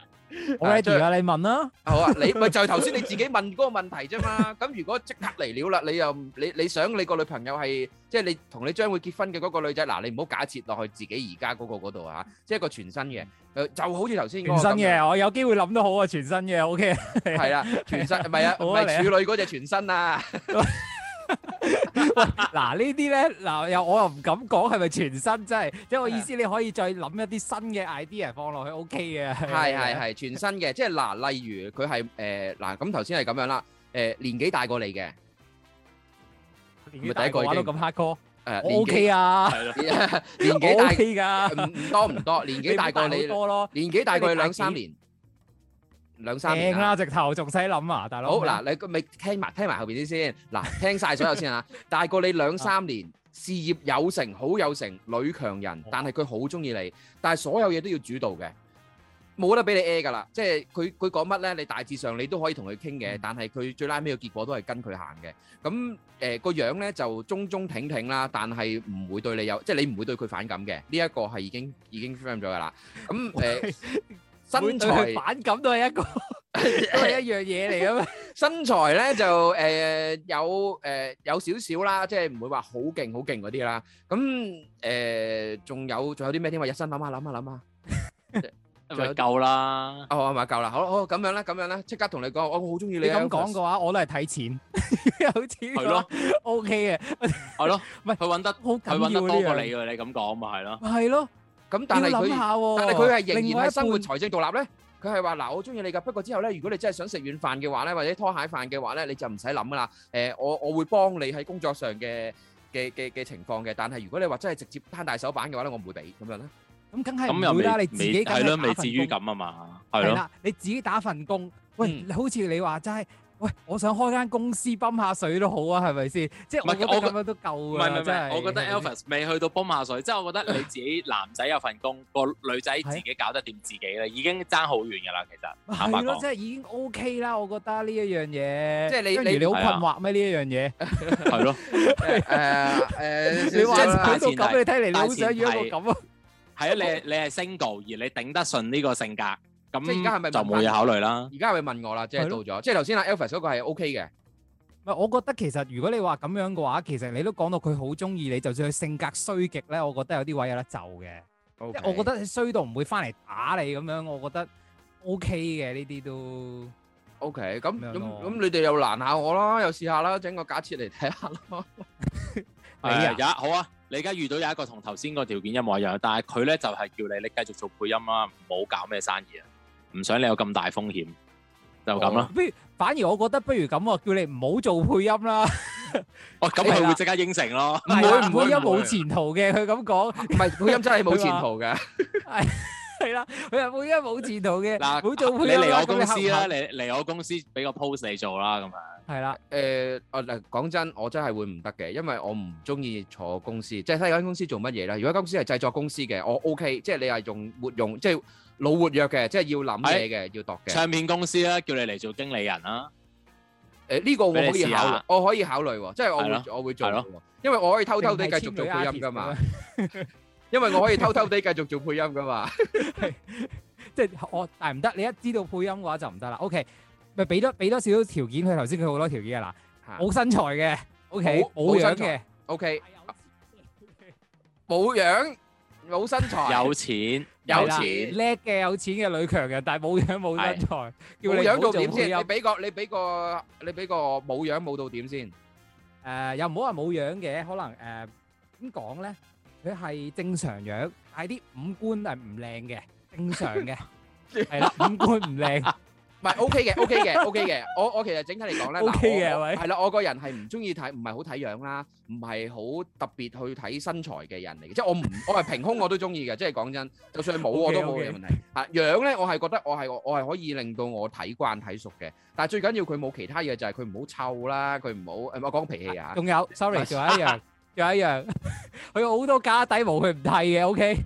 [LAUGHS] 我再啊，你問啦。好啊，你咪就係頭先你自己問嗰個問題啫嘛。咁如果即刻嚟料啦，你又你你想你個女朋友係即係你同你將會結婚嘅嗰個女仔嗱，你唔好假設落去自己而家嗰個嗰度啊，即係個全新嘅，就好似頭先全新嘅，我有機會諗都好啊，全新嘅，O K。係啊，全新唔係啊，唔係處女嗰隻全新啊。喂，嗱呢啲咧，嗱又我又唔敢講係咪全新，即係即係我意思，你可以再諗一啲新嘅 idea 放落去，OK 嘅。係係係全新嘅，即係嗱，例如佢係誒嗱，咁頭先係咁樣啦，誒年紀大過你嘅，年紀大過咁黑哥，誒，我 OK 啊，年年紀 OK 噶，唔多唔多，年紀大過你多咯，年紀大過你兩三年。兩三年啊！正啦，直頭仲使諗啊，大佬。好嗱，你咪聽埋聽埋後邊啲先。嗱，聽晒所有先啊。大過你兩三年，事業有成，好有成，女強人，但係佢好中意你，但係所有嘢都要主導嘅，冇得俾你 A 噶啦。即係佢佢講乜咧？你大致上你都可以同佢傾嘅，但係佢最拉尾嘅結果都係跟佢行嘅。咁誒個樣咧就中中挺挺啦，但係唔會對你有，即係你唔會對佢反感嘅。呢一個係已經已經 friend 咗噶啦。咁誒。身材反感都係一個都係一樣嘢嚟噶嘛？身材咧就誒有誒有少少啦，即係唔會話好勁好勁嗰啲啦。咁誒仲有仲有啲咩添啊？日新諗下諗下諗下，仲有夠啦。哦，唔係夠啦。好，好咁樣咧，咁樣咧，即刻同你講，我好中意你。咁講嘅話，我都係睇錢，有錢係咯。OK 嘅，係咯。唔係佢搵得，佢搵得多過你嘅。你咁講咪係咯？係咯。咁但係佢，但係佢係仍然喺生活財政獨立咧。佢係話：嗱，我中意你噶，不過之後咧，如果你真係想食軟飯嘅話咧，或者拖鞋飯嘅話咧，你就唔使諗啦。誒，我我會幫你喺工作上嘅嘅嘅嘅情況嘅。但係如果你話真係直接攤大手板嘅話咧，我唔會俾咁樣啦。咁梗係唔會啦。你自己係咯，未至於咁啊嘛。係啦，你自己打份工。喂，好似你話齋。喂，我想開間公司泵下水都好啊，係咪先？即係我覺得咁樣都夠㗎。唔係唔係，我覺得 Alvis 未去到泵下水。即係我覺得你自己男仔有份工，個女仔自己搞得掂自己啦，已經爭好遠㗎啦。其實係咯，即係已經 OK 啦。我覺得呢一樣嘢，即係你你你好困惑咩？呢一樣嘢係咯，誒誒，你話即係講到咁你睇嚟，你好想要一個咁啊？係啊，你你係 single 而你頂得順呢個性格。咁即而家係咪就冇嘢考慮啦？而家係咪問我啦？即係到咗，的即係頭先阿 Alvis 嗰個係 OK 嘅。唔係，我覺得其實如果你話咁樣嘅話，其實你都講到佢好中意你，就算佢性格衰極咧，我覺得有啲位有得就嘅。Okay. 即我覺得衰到唔會翻嚟打你咁樣，我覺得 O K 嘅呢啲都 O K。咁咁咁，啊、你哋又難下我啦，又試下啦，整個假設嚟睇下咯。 [LAUGHS] 你而、啊哎、好啊？你而家遇到有一個同頭先個條件一模一樣，但係佢咧就係、是、叫你你繼續做配音啦，唔好搞咩生意啊。唔想你有咁大風險，就咁啦。不如反而我覺得不如咁喎，叫你唔好做配音啦。哦，咁佢會即刻應承咯。唔會，唔會音冇前途嘅。佢咁講，唔係配音真係冇前途嘅。係係啦，佢話配音冇前途嘅。嗱，唔做配音，你嚟我公司啦。你嚟我公司俾個 post 你做啦。咁樣，係啦。誒，嗱，講真，我真係會唔得嘅，因為我唔中意坐公司。即係睇間公司做乜嘢啦。如果間公司係製作公司嘅，我 OK。即係你係用活用，即係。老活躍嘅，即係要諗嘢嘅，要讀嘅。唱片公司啊，叫你嚟做經理人啦。誒，呢個我可以考，我可以考慮，即係我我會做。係咯。因為我可以偷偷地繼續做配音噶嘛。因為我可以偷偷地繼續做配音噶嘛。即係我，但係唔得。你一知道配音嘅話就唔得啦。OK，咪俾多俾多少少條件佢。頭先佢好多條件㗎喇，冇身材嘅，OK，冇樣嘅，OK，冇樣冇身材。有錢。有錢叻嘅有錢嘅女強人，但係冇樣冇身材，是叫你冇做點先？你俾個你俾個你俾個冇樣冇到點先？誒、呃，又唔好話冇樣嘅，可能誒點講咧？佢、呃、係正常樣，係啲五官係唔靚嘅，正常嘅係啦， [LAUGHS] 五官唔靚。 [LAUGHS] 唔係 OK 嘅，OK 嘅，OK 嘅。我我其實整體嚟講咧，OK 嘅，係啦。我個人係唔中意睇，唔係好睇樣啦，唔係好特別去睇身材嘅人嚟嘅。即係我唔，我係平胸我都中意嘅。即係講真，就算你冇我都冇嘅問題。嚇樣咧，我係覺得我係我係可以令到我睇慣睇熟嘅。但係最緊要佢冇其他嘢，就係佢唔好臭啦，佢唔好誒。我講脾氣啊，仲有，sorry，仲有一樣，仲有一樣，佢好多家底冇，佢唔剃嘅。OK，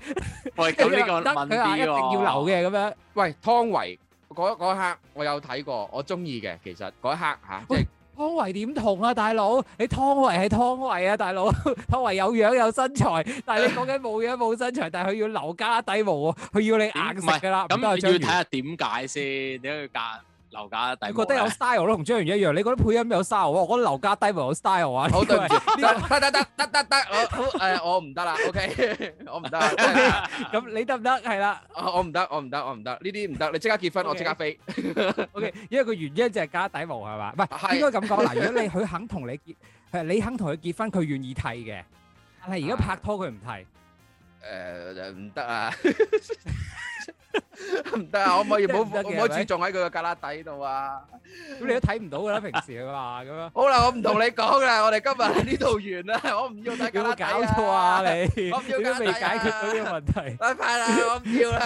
喂，咁呢個問啲喎，一定要留嘅咁樣。喂，湯唯。嗰一刻我有睇過，我中意嘅其實嗰一刻嚇、啊，即係喂，湯唯點同啊？大佬你湯唯係湯唯啊，大佬湯唯有樣有身材，但係你講緊冇樣冇身材， [LAUGHS] 但係佢要留家底毛喎，佢要你硬食㗎啦。咁你要睇下點解先，點解要揀？ [LAUGHS] 劉家底，我覺得有 style 咯，同張元一樣。你覺得配音有 style？我覺得劉家底有 style 啊。好，對得得得得得得，我誒，我唔得啦。OK，我唔得。咁你得唔得？係啦。我唔得，我唔得，我唔得。呢啲唔得，你即刻結婚，我即刻飛。OK，因為個原因就係加底毛係嘛，唔係應該咁講嗱。如果你佢肯同你結，誒，你肯同佢結婚，佢願意剃嘅。但係而家拍拖，佢唔剃。誒，唔得啊！唔得啊！我可以冇，我可以注重喺佢個旮旯底度啊！咁你都睇唔到噶啦，平時啊咁樣。好啦，我唔同你講啦，我哋今日喺呢度完啦，我唔要大家。有冇搞錯啊你？我唔要夾笠啊！未解決到呢個問題。拜拜啦，我唔要啦。